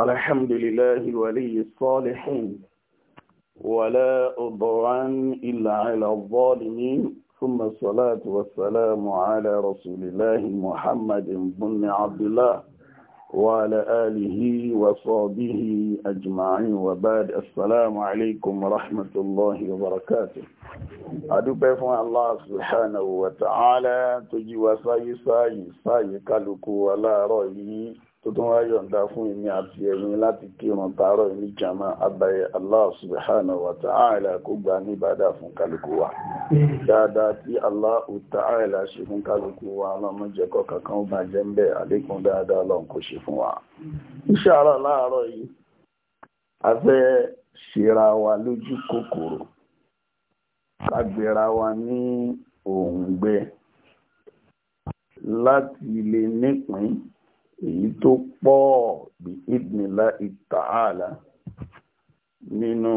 الحمد لله ولي الصالحين ولا أضعان إلا على الظالمين ثم الصلاة والسلام على رسول الله محمد بن عبد الله وعلى آله وصحبه أجمعين وبعد السلام عليكم ورحمة الله وبركاته adúpẹ́ fún Allah subhanahu wa ta'ala tó jí wa sáyé sáyé sáyé tó tún wá yọ̀ǹda fún èmi àti ẹ̀yin láti kírun tààrọ̀ ní jama abẹ́yẹ Allah subhanahu wa ta'ala kó gba ní ìbádà fún kálukú wa dáadáa tí Allah ta'ala ṣe fún kálukú wa ọlọ́mọjẹ́kọ́ kankan ó bàjẹ́ ń bẹ̀ àlékún dáadáa lọ́n kó ṣe fún wa insha láàárọ̀ yìí a fẹ́ ṣera wa lójú kòkòrò ká wa ní òǹgbẹ láti lè nípìn èyí tó pọ̀ bí ìdìnnìlá ìtààlà nínú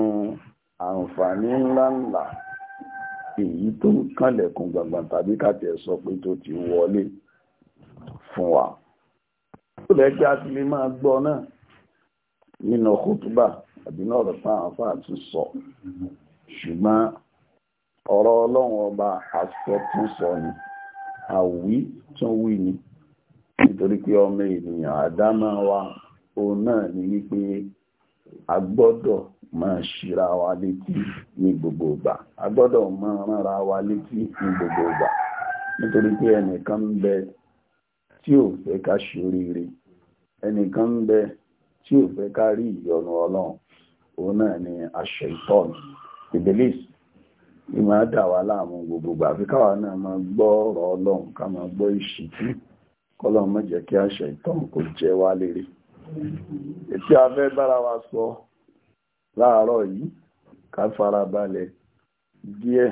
àǹfààní ńláńlá èyí tó ń kànlẹ̀kùn gbàngbàn tàbí kàtẹ̀ sọ pé tó ti wọlé fún wa. ó lẹ́gbẹ́ àti lè máa gbọ́ náà nínú kútùbà àbí náà rẹ̀ fún àǹfà àti sọ ṣùgbọ́n ọ̀rọ̀ ọlọ́run ọba àṣẹ tún sọ ni àwí tún wí ni. nítorí pé ọmọ ènìyàn maa wa òun náà ni wípé a gbọ́dọ̀ máa ṣíra wa létí ní gbogbo ìgbà a gbọ́dọ̀ máa wa létí ní gbogbo ìgbà nítorí pé ẹnìkan ń bẹ tí ò fẹ́ ká ṣoríire ẹnìkan ń bẹ tí ò fẹ́ ká rí ìyọnu ni aṣọ ìtọ́nù ìbílíṣ ìmọ̀ láàmú gbogbo ìgbà fi káwa náà máa gbọ́ ọ̀rọ̀ ọlọ́run ká máa gbọ́ kọ́lọ̀ mọ́ jẹ́ kí àṣẹ ìtàn kò jẹ́ wá lérè ètí afẹ́ bára wa sọ láàárọ̀ yìí ká farabalẹ̀ díẹ̀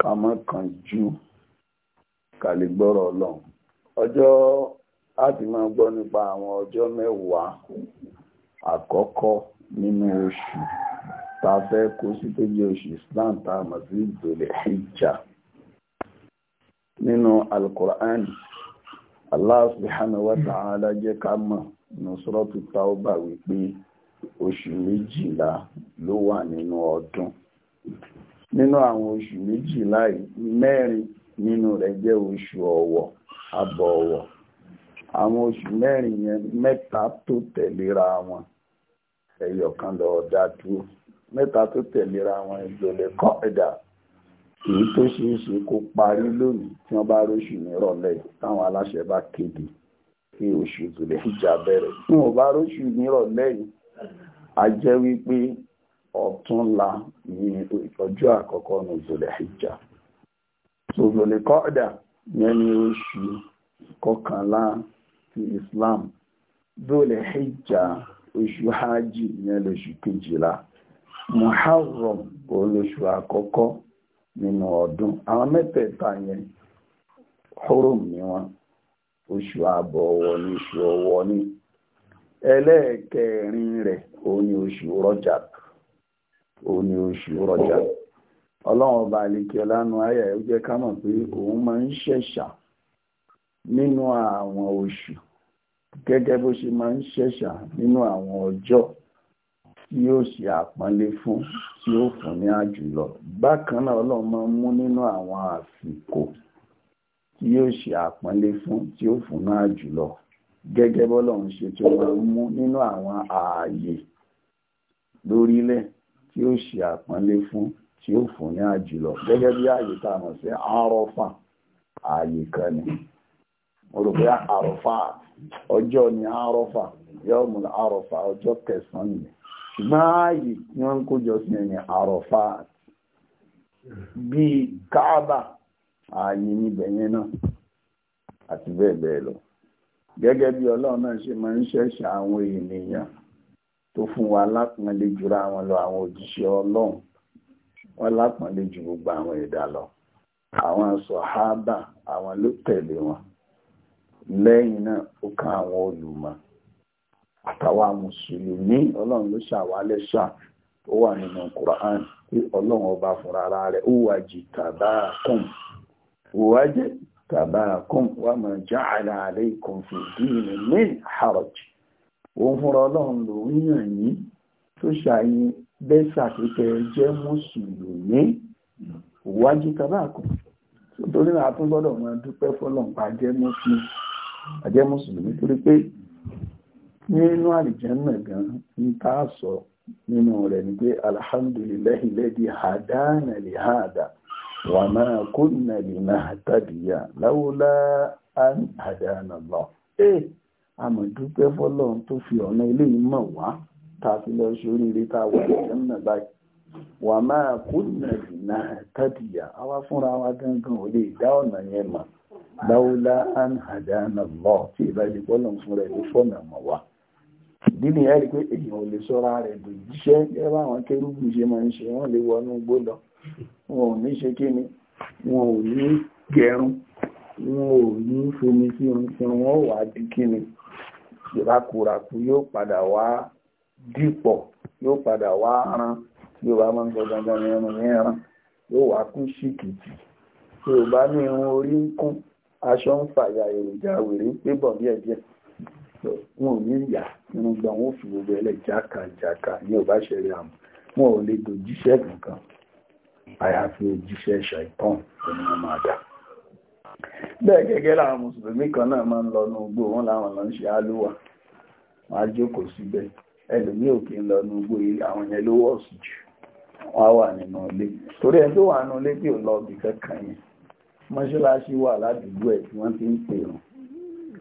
ká má kàn jù ká lè gbọ́rọ̀ ọlọ́run ọjọ́ láti máa gbọ́ nípa àwọn ọjọ́ mẹ́wàá àkọ́kọ́ nínú oṣù ta fẹ́ kó sí tó jẹ́ oṣù Islam tá a mọ̀ sí ìdòlẹ̀ hijja nínú alukur'ani Allah subhanahu wa ta'ala jẹ́ ká mọ̀ nùsọ́rọ́tù taoba wípé oṣù méjìlá ló wà nínú ọdún nínú àwọn oṣù méjìlá mẹ́rin nínú rẹ̀ jẹ́ oṣù ọ̀wọ̀ abọ̀ọ̀wọ̀ àwọn oṣù mẹ́rin yẹn mẹ́ta tó tẹ̀léra wọn ẹyọ̀kan lọ dá dúró mẹ́ta tó tẹ̀léra wọn ìjọlẹ̀ kọ́ ẹ̀dà èyí tó ṣeé ṣe kó parí lónìí tí wọ́n bá róṣù nírọ̀lẹ́ táwọn aláṣẹ bá kéde pé oṣù Zul Hijja bẹ̀rẹ̀ tí wọ́n bá róṣù nírọ̀lẹ́ yìí a jẹ́ wípé ọ̀túnla ní ọjọ́ àkọ́kọ́ ní Zul Hijja so Zul Qa'da yẹn ní oṣù kọkànlá ti Islam Zul Hijja oṣù hajj yẹn lóṣù kejìlá Muharram olóṣù àkọ́kọ́ nínú ọdún àwọn mẹ́tẹ̀ẹ̀ta yẹn hurum ní wọn oṣù àbọ̀ ọwọ́ ní oṣù ọwọ́ ní ẹlẹ́ẹ̀kẹrin rẹ̀ ó ní oṣù Rajab ó ní oṣù Rajab ọlọ́run ọba àlekẹ́ lánà ayà ẹ̀ jẹ́ ká mọ̀ pé òun máa ń ṣẹ̀ṣà nínú àwọn oṣù gẹ́gẹ́ bó ṣe máa ń ṣẹ̀ṣà nínú àwọn ọjọ́ tí yóò ṣe àpọ́nlé fún tí ó fún ní àjùlọ bákan náà ọlọ́run máa ń mú nínú àwọn àsìkò tí yóò ṣe àpọ́nlé fún tí ó fún ní àjùlọ gẹ́gẹ́ bọ́lọ́run ṣe tí ó máa ń mú nínú àwọn ààyè lórílẹ̀ tí ó ṣe àpọ́nlé fún tí ó fún ní àjùlọ gẹ́gẹ́ bí ààyè tá a mọ̀ sí àárọ̀fà ààyè kan ni mo rò pé àárọ̀fà ọjọ́ ni àárọ̀fà yọ́ọ̀mù àárọ̀fà ọjọ́ kẹsàn-án nìyẹn ṣùgbọ́n yi tí si ń kójọ sí ẹ̀yìn àrọ̀fà bíi káàbà ààyè níbẹ̀ yẹn náà àti lọ gẹ́gẹ́ bí ọlọ́run náà ṣe máa ń ṣẹ̀ṣẹ̀ àwọn ènìyàn tó wa wọn lọ àwọn ju gbogbo àwọn ẹ̀dá lọ àwọn sọ̀hábà àwọn ló tẹ̀lé wọn lẹ́yìn náà ó kan àtàwa mùsùlùmí ọlọ́run ló ṣàwálẹ̀ ṣà tó wà nínú Quran tí ọlọ́run ọba fúnra ara rẹ̀ ó wà jì tàbáàkùn wà jẹ́ tàbáàkùn wà máa já àlà alaykum fi dínì min haraj òun fúnra ọlọ́run ló ń yàn yín tó ṣàyìn bẹ́sà pípẹ́ jẹ́ mùsùlùmí wájú tàbáàkùn torí náà a tún gbọ́dọ̀ máa dúpẹ́ fọlọ́ǹpa torí pé nínú àlìjẹ́nà gan ń tá a sọ nínú rẹ̀ ni pé alhamdulillahi lẹ́dí hadana li hada wa ma kunna linahtadiya lawla an hadana Allah ee àmọ́ dúpẹ́ fọ́lọ́run tó fi ọ̀nà eléyìí mọ̀ wá ta fi lọ sóríire ta wà àlìjẹ́nà báyìí wa ma kunna linahtadiya àwa fúnra wa gangan ò lè dá ọ̀nà yẹn mọ̀ lawla an hadana Allah tí ìbájú fọ́lọ́run fúnra ẹ̀ fọ́nà mọ̀ wá ìdí nìyẹn rí pé èèyàn ò lè sọ́ra rẹ̀ dòjíṣẹ́ gẹ́gẹ́ báwọn kérúbù ṣe máa ń ṣe wọ́n lè wọnú igbó lọ wọn ò ní ṣe kí ni wọn ò ní gẹrun wọn ò ní fomi sí ohun tí wọn wà á di kí ni ìrakùrakù yóò padà wá dìpọ̀ yóò padà wá ran yóò bá máa ń sọ dandan ní ẹran ní ẹran yóò wá kú ṣìkìtì tí ò bá ní irun orí ń kún aṣọ ń fàyà èròjà wèrè ń pé bọ̀ díẹ̀díẹ̀ wọn ò ní yà á irun gba wọn fi gbogbo ẹlẹ jákàjákà ní ọba ṣẹlẹ̀ àmọ́ wọn ò lè dojíṣẹ́ kankan àyàfi òjíṣẹ́ ṣàìtàn ẹni wọn máa dà bẹ́ẹ̀ gẹ́gẹ́ láwọn mùsùlùmí kan náà máa ń lọ ní ugbó wọn láwọn lọ ń ṣe àlùwà wọn á jókòó síbẹ̀ ẹlòmí òkè ń lọ ní ugbó àwọn yẹn ló wọ́ọ̀sì jù wọ́n wà nínú ilé torí ẹni tó wà nínú ilé tí ò lọ bì kankan yẹn mọ́ṣáláṣí wà ládùúgbò ẹ̀ tí wọ́n ti ń pè wọn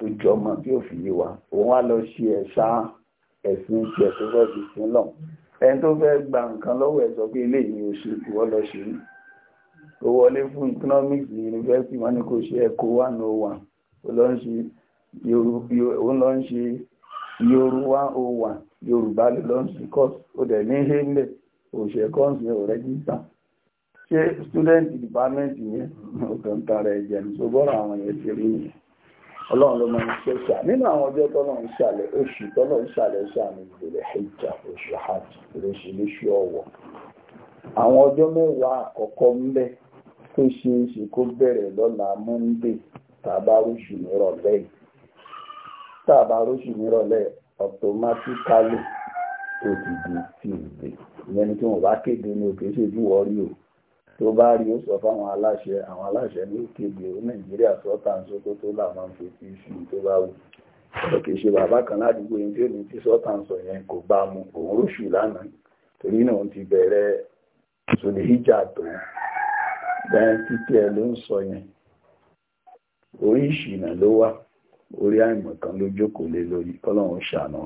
tó jọmọ tí ò fi yé wa òun wá lọ ṣe ẹ̀ṣá ẹ̀sìn tiẹ̀ tó fẹ́ fi sin lọ ẹni tó fẹ́ gba nǹkan lọ́wọ́ ẹ̀ sọ pé eléyìí ò ṣe ìwọ lọ ṣe ní wọlé fún economics university wọn ni kò ṣe ẹ̀kọ́ one oh one ó lọ ń ṣe yorùbá oh one yorùbá ló lọ ń ṣe course ó dẹ̀ ní hélẹ̀ òṣè kọ́ǹsì ò rẹ́gísà ṣé student department yẹn ó kàn tara ẹ̀jẹ̀ ní so bọ́rọ̀ àwọn yẹn ti rí nìyẹn. ọlọ́run ló máa ń ṣe ṣà nínú àwọn ọjọ́ tọ́lọ̀ ṣàlẹ̀ oṣù tọ́lọ̀ ṣàlẹ̀ ṣàmì ìbẹ̀rẹ̀ oṣù hajj oṣù lóṣù ọ̀wọ̀ àwọn ọjọ́ mẹ́wàá àkọ́kọ́ tó ṣe é ṣe kó bẹ̀rẹ̀ lọ́la nírọ̀lẹ́ nírọ̀lẹ́ òdìdí tó bá rí ó sọ fáwọn aláṣẹ àwọn aláṣẹ ní òkèèbè ó nàìjíríà sọ́tà sókótó làwọn fi ti sí tó bá wù ọ̀rọ̀ kìí ṣe bàbá kan ládùúgbò yẹn tí ó ní tí sọ́tà ń sọ yẹn kò bá mu òun róṣù lánàá torí náà ti bẹ̀rẹ̀ sòlìhíjà tó bẹ́ẹ̀ títí ẹ ló ń sọ yẹn orí ìṣìnà ló wà orí àìmọ̀ kan ló jókòó lé lórí ọlọ́run ṣàánú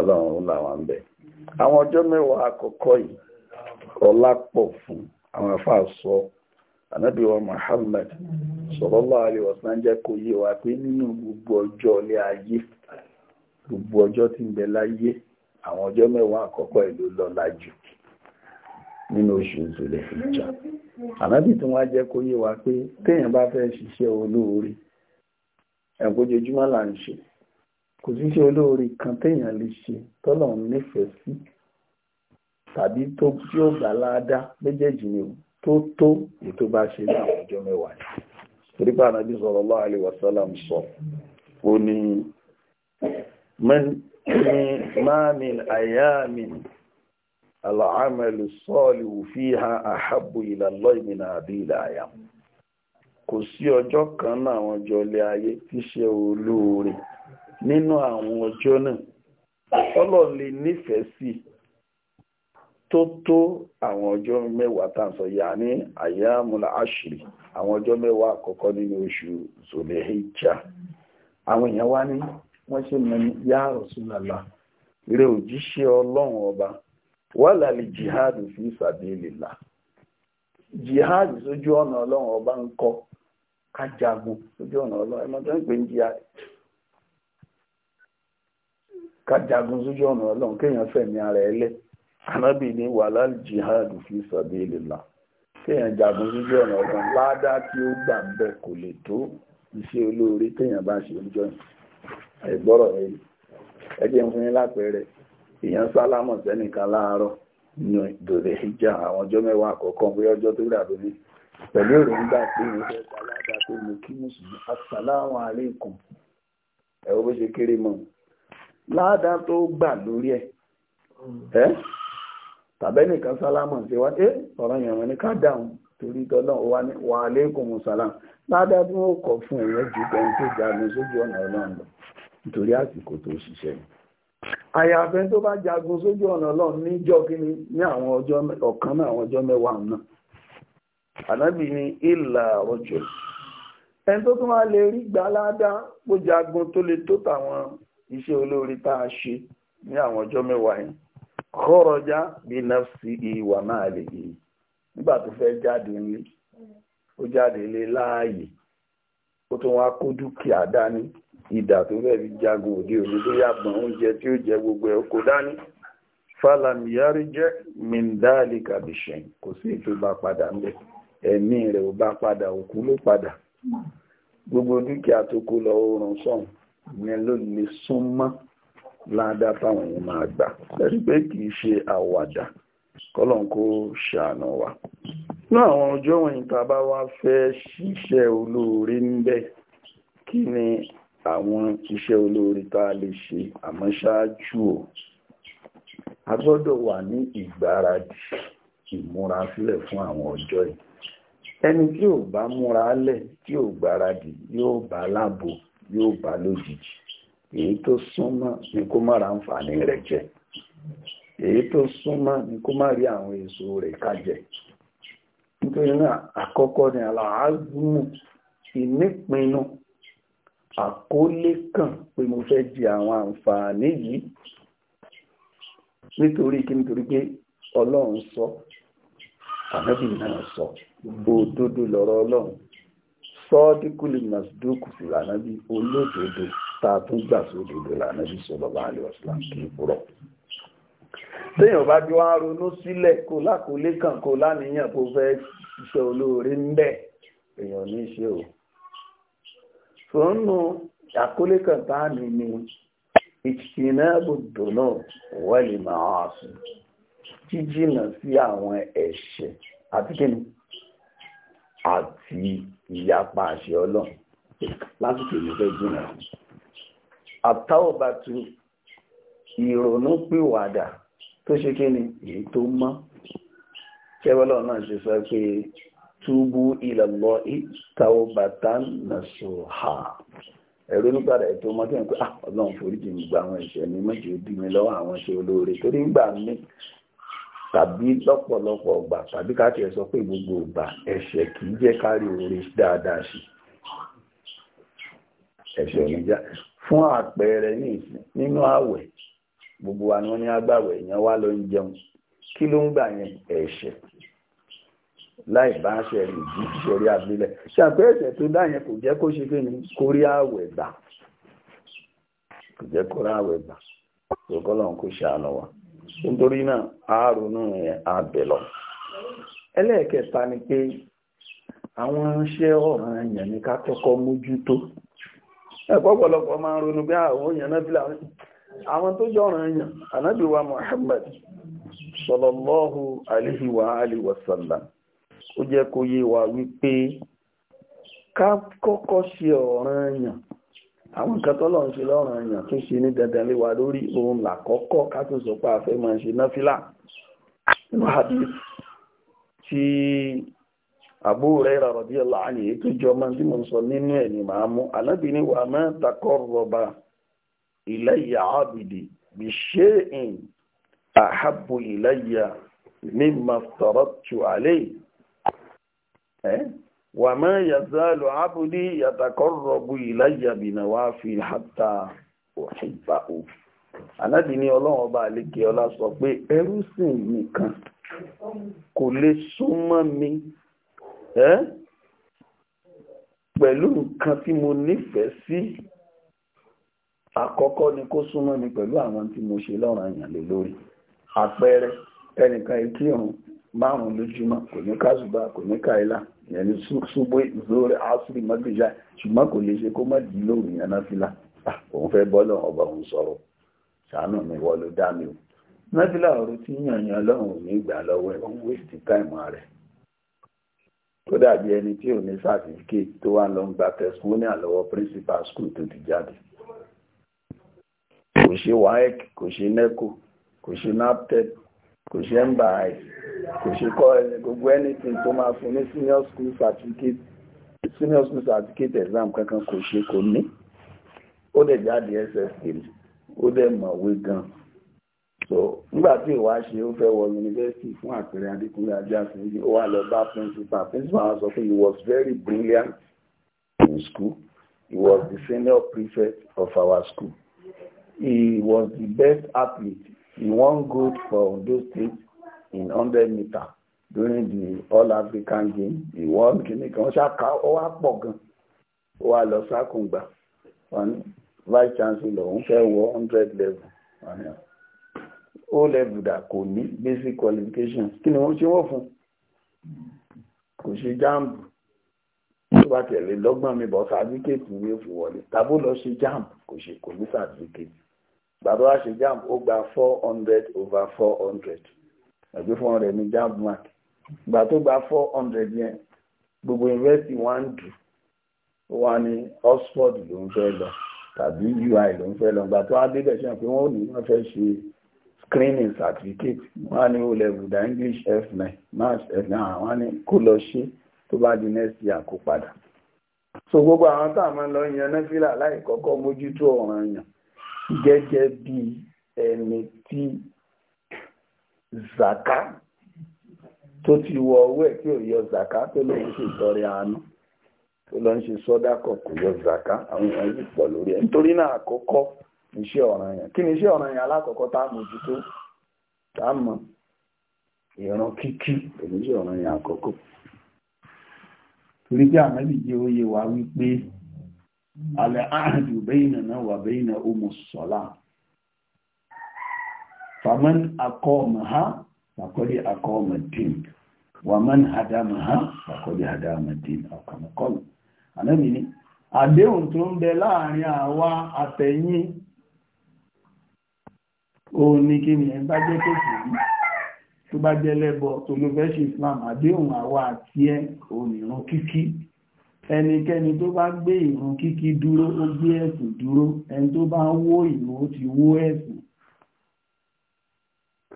ọlọ́run làwọn ń bẹ̀ àwọn ọjọ́ mẹ́wàá àwọn afá sọ ànábì wa Muhammad sallallahu alaihi wasallam jẹ́ kó yé wa pé nínú gbogbo ọjọ́ ilé ayé gbogbo ọjọ́ tí ń bẹ láyé àwọn ọjọ́ mẹ́wàá àkọ́kọ́ ìlú lọ́lá jù nínú oṣù ìzòlẹ̀ ìjà ànábì tí wọ́n jẹ́ kó yé wa pé téèyàn bá fẹ́ ṣiṣẹ́ olóore ẹ̀kójoojúmọ́ là ń ṣe kò síṣẹ́ olóore kan téèyàn lè ṣe tọ́lọ́run nífẹ̀ẹ́ sí tàbí tó tí ó gbà láadá méjèèjì ni tó tó ètò bá ṣe ní àwọn ọjọ́ mẹ́wàá ni torípa ànábì sallallahu alaihi wasallam sọ ó ní mamin ayamin al'amalu salihu fiha ahabbu ila Allah min àbílà àyàm kò sí ọjọ́ kan náà àwọn ọjọ́ ilé ayé tíṣẹ́ olóore nínú àwọn ọjọ́ náà ọlọ́run nífẹ̀ẹ́ sí tó tó àwọn ọjọ́ mẹ́wàá tá à ń sọ yà ní mewa àṣírí àwọn ọjọ́ mẹ́wàá àkọ́kọ́ nínú oṣù zòlẹ́hìjà àwọn èèyàn wá ní wọ́n ṣe mọ yá Rasulullah rẹ òjíṣẹ́ ọlọ́run ọba wàhálà jihadu fi sabilillah jihadu sójú ọ̀nà ọlọ́run ọba ń kọ́ kájagun sójú ọ̀nà ọlọ́run ẹ̀mọ́ tó ń pè ń kájagun sójú anábì ní wàhálà jihad fi sabilillah kéèyàn jagun lójú ọ̀nà ọ̀gbọ̀n ládá tí ó gbà ń kò lè tó iṣẹ́ olóore téèyàn bá ṣe lójọ́ ẹ̀gbọ́rọ̀ ẹ̀ ẹgbẹ́ fún yín lápẹẹrẹ èèyàn sálámọ̀ sẹ́nìkan láàárọ̀ ní ìdòdè ìjà àwọn ọjọ́ mẹ́wàá àkọ́kọ́ ọjọ́ tó pẹ̀lú èròǹgbà mo fẹ́ kí mùsùlùmí gbà lórí ẹ̀ tàbẹ́nìkan sálámà ṣe wá ẹ́ ọ̀rọ̀ ìyàwó ní ká dáhùn torí tọ́lọ́ wa ní wà aléìkùn mùsàlám ládàá tí wọ́n kọ̀ fún ẹ̀yẹ́ ju tẹ́ni tó jagun sójú ọ̀nà ọlọ́run lọ nítorí àsìkò tó ṣiṣẹ́ àyàfẹ́ tó bá jagun sójú ọ̀nà ọlọ́run níjọ́ kíní ní àwọn ọjọ́ ọ̀kan náà àwọn ọjọ́ mẹ́wàá náà ànábì ní ìlà ọjọ́ ẹni tó tún wá lè rí gbà ládàá bó jagun tó le tó tàwọn iṣẹ́ olóore tá a ṣe ní àwọn ọjọ́ mẹ́wàá yìí kọrọjá bí nafsi ìwà máa lè yìí nígbà tó fẹ́ jáde ńlé ó jáde lé láàyè ó tún wá kó dúkìá dání ìdà tó fẹ́ fi jagun òde òní tó yàgbọ̀n oúnjẹ tí ó jẹ gbogbo ẹ̀ kó dání falamiyari jẹ́ kò sí ètò bá padà ẹ̀mí rẹ̀ ò bá padà gbogbo dúkìá tó kó lọ oorun sọ̀hún ìyẹn ló lè ládá táwọn èèyàn máa gbà lẹ́rí pé kì í ṣe àwàdà kọ́lọ̀n kó ṣàánú wa ní àwọn ọjọ́ wọ̀nyí tá a bá wá fẹ́ ṣiṣẹ́ olóore ń bẹ kí ni àwọn iṣẹ́ olóore tá a lè ṣe àmọ́ ṣáájú o a gbọ́dọ̀ wà ní ìgbáradì ìmúra sílẹ̀ fún àwọn ọjọ́ yìí ẹni tí ò bá múra lẹ̀ tí ò gbáradì yóò bá lábo yóò bá lójijì èyí tó súnmọ́ ni kó má ra rẹ̀ jẹ èyí tó súnmọ́ ni kó má rí àwọn èso rẹ̀ kájẹ nítorí náà àkọ́kọ́ ni aláàzùmù ìnípinnu àkólé kan pé mo fẹ́ jẹ àwọn àǹfààní yìí nítorí kí nítorí pé ọlọ́run sọ ànábì náà sọ òdodo lọ́rọ̀ ọlọ́run sọ́ọ́díkùlì màsídókù sí ànábì olódodo tá a tún gbà sódodo lànà bí sallallahu alaihi wasallam kì í purọ́ téèyàn bá bí wàá ronú sílẹ̀ kó lákòólé kan kó láníyàn kó fẹ́ iṣẹ́ olóore ń bẹ èèyàn ní ṣe o fòónù àkólé kan tá a ní ni ìṣìnàbò dùnà wọ́lì máa sùn jíjìnà sí àwọn ẹ̀ṣẹ̀ àti kíni àti ìyapa àṣẹ ọlọ́run lásìkò ìlú fẹ́ jìnà sí àtàwọ̀bàtú ìrònú pìwàdà tó ṣe kí ni èyí tó mọ́ kẹwàlọ́ náà ṣe sọ pé túbú ìlàlọ́ ìtàwọ̀bàtán nasuha ẹ̀rọ nígbàdà ètò ọmọdé ẹ̀kọ́ ọlọ́run foríjì mi gba àwọn ẹ̀ṣẹ̀ mi mọ́jì ó dí mi lọ́wọ́ àwọn ṣe olóore torí gbà mí tàbí lọ́pọ̀lọpọ̀ ọgbà tàbí ká tiẹ̀ sọ pé gbogbo ọgbà ẹ̀ṣẹ̀ kì jẹ́ kárí oore dáadáa sí ẹ̀ṣẹ̀ oníjà fún àpẹẹrẹ ní ìsìn nínú ààwẹ̀ gbogbo wa ni wọ́n ní agbáwẹ̀ èèyàn wá ló ń jẹun kí ló ń gbà yẹn ẹ̀ṣẹ̀ láì bá ṣe rí ìdí ṣẹ̀rí àbílẹ̀ ṣàpẹ́ ẹ̀ṣẹ̀ tó dá yẹn kò jẹ́ kó ṣe kí ni kó rí ààwẹ̀ gbà kò jẹ́ kó rí ààwẹ̀ gbà ṣòkọ́lọ́n kò ṣàánú wa nítorí náà àárùnú yẹn àbẹ̀lọ ẹlẹ́ẹ̀kẹta ni pé àwọn iṣẹ́ ọ̀ràn yẹn ni ká kọ́kọ́ mójútó ẹ̀pọ̀pọ̀lọpọ̀ máa ń ronú pé àwọn ah, èèyàn náà fílà àwọn tó jọ́ràn èèyàn ànábì wa Muhammad sọlọ́lọ́hù alihi wa alihi wa sallam ó jẹ́ kó yé wa wípé ká kọ́kọ́ ṣe ọ̀ràn èèyàn àwọn nǹkan tó lọ́n ṣe lọ́ràn èèyàn tó ṣe ní dandan lórí ohun làkọ́kọ́ ká tó sọ fẹ́ máa ṣe náfìlà Abu Hurairah radiyallahu anhu èyí tó jọ ọmọ tí mo ń sọ ni màá mú anábì ní wà ma taqarraba ilayya abdi bi shay'in ahabbu ilayya mimma aftaratu alayhi wa ma yazalu abdi yataqarrabu ilayya bi nawafil hatta uhibbahu anábì ní ọlọ́run ọba àlékè ọlá sọ pé ẹrú sìn nìkan kò mi pẹ̀lú nǹkan tí mo nífẹ̀ẹ́ sí àkọ́kọ́ ni kó súnmọ́ ni pẹ̀lú àwọn tí mo ṣe lọ́rùn àyàn lè lórí àpẹẹrẹ ẹnìkan ikí ọ̀run márùn lójúmọ́ kò ní kò ní káìlà ìyẹn ni ṣubú mọ́gbìjà ṣùgbọ́n kò sọ̀rọ̀ ṣàánú mi dá tí yàn yàn lọ́rùn ò ní gbà lọ́wọ́ ẹ̀ wọ́n táìmù rẹ̀ ó dàbí ẹni tí ò ní certificate tó wá lọ ń gba testimonial lọ́wọ́ principal school tó ti jáde kò ṣe waec kò ṣe neco kò ṣe naptep kò ṣe mbai kò ṣe kọ́ gbogbo anything tó máa fún ní senior school certificate senior school certificate exam kankan kò ṣe kò ní ó dẹ̀ jáde ss ó dẹ̀ mọ̀wé gan-an so nígbà tí ìwà ṣe ó fẹ́ wọ yunifásitì fún àpẹẹrẹ adékúnlé ajáfin ó wá lọ bá principal principal sọ pé he was very brilliant in school he was the senior prefect of our school he was the best athlete he won gold for Ondo State in hundred meter during the All African game he won kìnnì kan ṣáka ó wá pọ̀ gan ó wá lọ sákùngbà wọn vice chancellor òun fẹ́ wọ hundred level level lẹ́bùdà kò ní basic qualification. kí ni wọ́n ṣe wọ́n fún kò ṣe jáàmù tó bá tẹ̀lé lọ́gbọ̀n mi bọ̀ sàdíkètì ni ó fi wọlé tàbó lọ ṣe jáàmù kò ṣe kò ní sàdíkètì bàbá ṣe jáàmù ó gba four hundred over four hundred ẹgbẹ́ fún ọ̀rẹ́ ní jáàmù mark gbà tó gba four hundred yẹn gbogbo yunifásitì wa ń dù ó wá ní Oxford ló ń fẹ́ lọ tàbí UI ló ń fẹ́ lọ gbà tó á débẹ̀ ṣe hàn pé wọ́n ò ní wọ́n fẹ́ ṣe cleaning certificate wọ́n ní o level da english f9 maths f9 àwọn ní kó di next year kó padà so gbogbo àwọn tá a máa lọ yan náfìlà láì kọ́kọ́ mójútó ọ̀ràn yàn gẹ́gẹ́ bí ẹni tí zaka tó ti wọ owó ẹ̀ tí ò yọ zaka tó ló tori ṣe ìtọrẹ àánú tó lọ ń ṣe kò zaka àwọn èèyàn yìí pọ̀ lórí iṣẹ́ ọ̀ràn yẹn kí ni iṣẹ́ ọ̀ràn yẹn alákọ̀ọ́kọ́ tá a mójútó tá a mọ̀ ìran kíkí pẹ̀lú iṣẹ́ ọ̀ràn yẹn àkọ́kọ́ torí pé ànábì jẹ́ oyè wa wípé alẹ́ ààdù bẹ́yìnà náà wà bẹ́yìnà ọmọ sọ́lá fàmán akọ́ ọmọ ha fàkọ́dé akọ́ ọmọ dín wàmán àdámọ̀ ha fàkọ́dé àdámọ̀ dín ọkàmọ́kọ́lù ànábì ni àdéhùn tó ń bẹ láàrin àwa àtẹ̀yìn òun ni kí ni ẹ̀ bá jẹ́ kékeré tó bá jẹ́ lẹ́bọ tó ló fẹ́ ṣe Islam àdéhùn àwa àti ẹ̀ òun ìrun kíkí ẹnikẹ́ni tó bá gbé ìrun kíkí dúró ó gbé ẹ̀sìn dúró ẹni tó bá wó ìrun ó ti wó ẹ̀sìn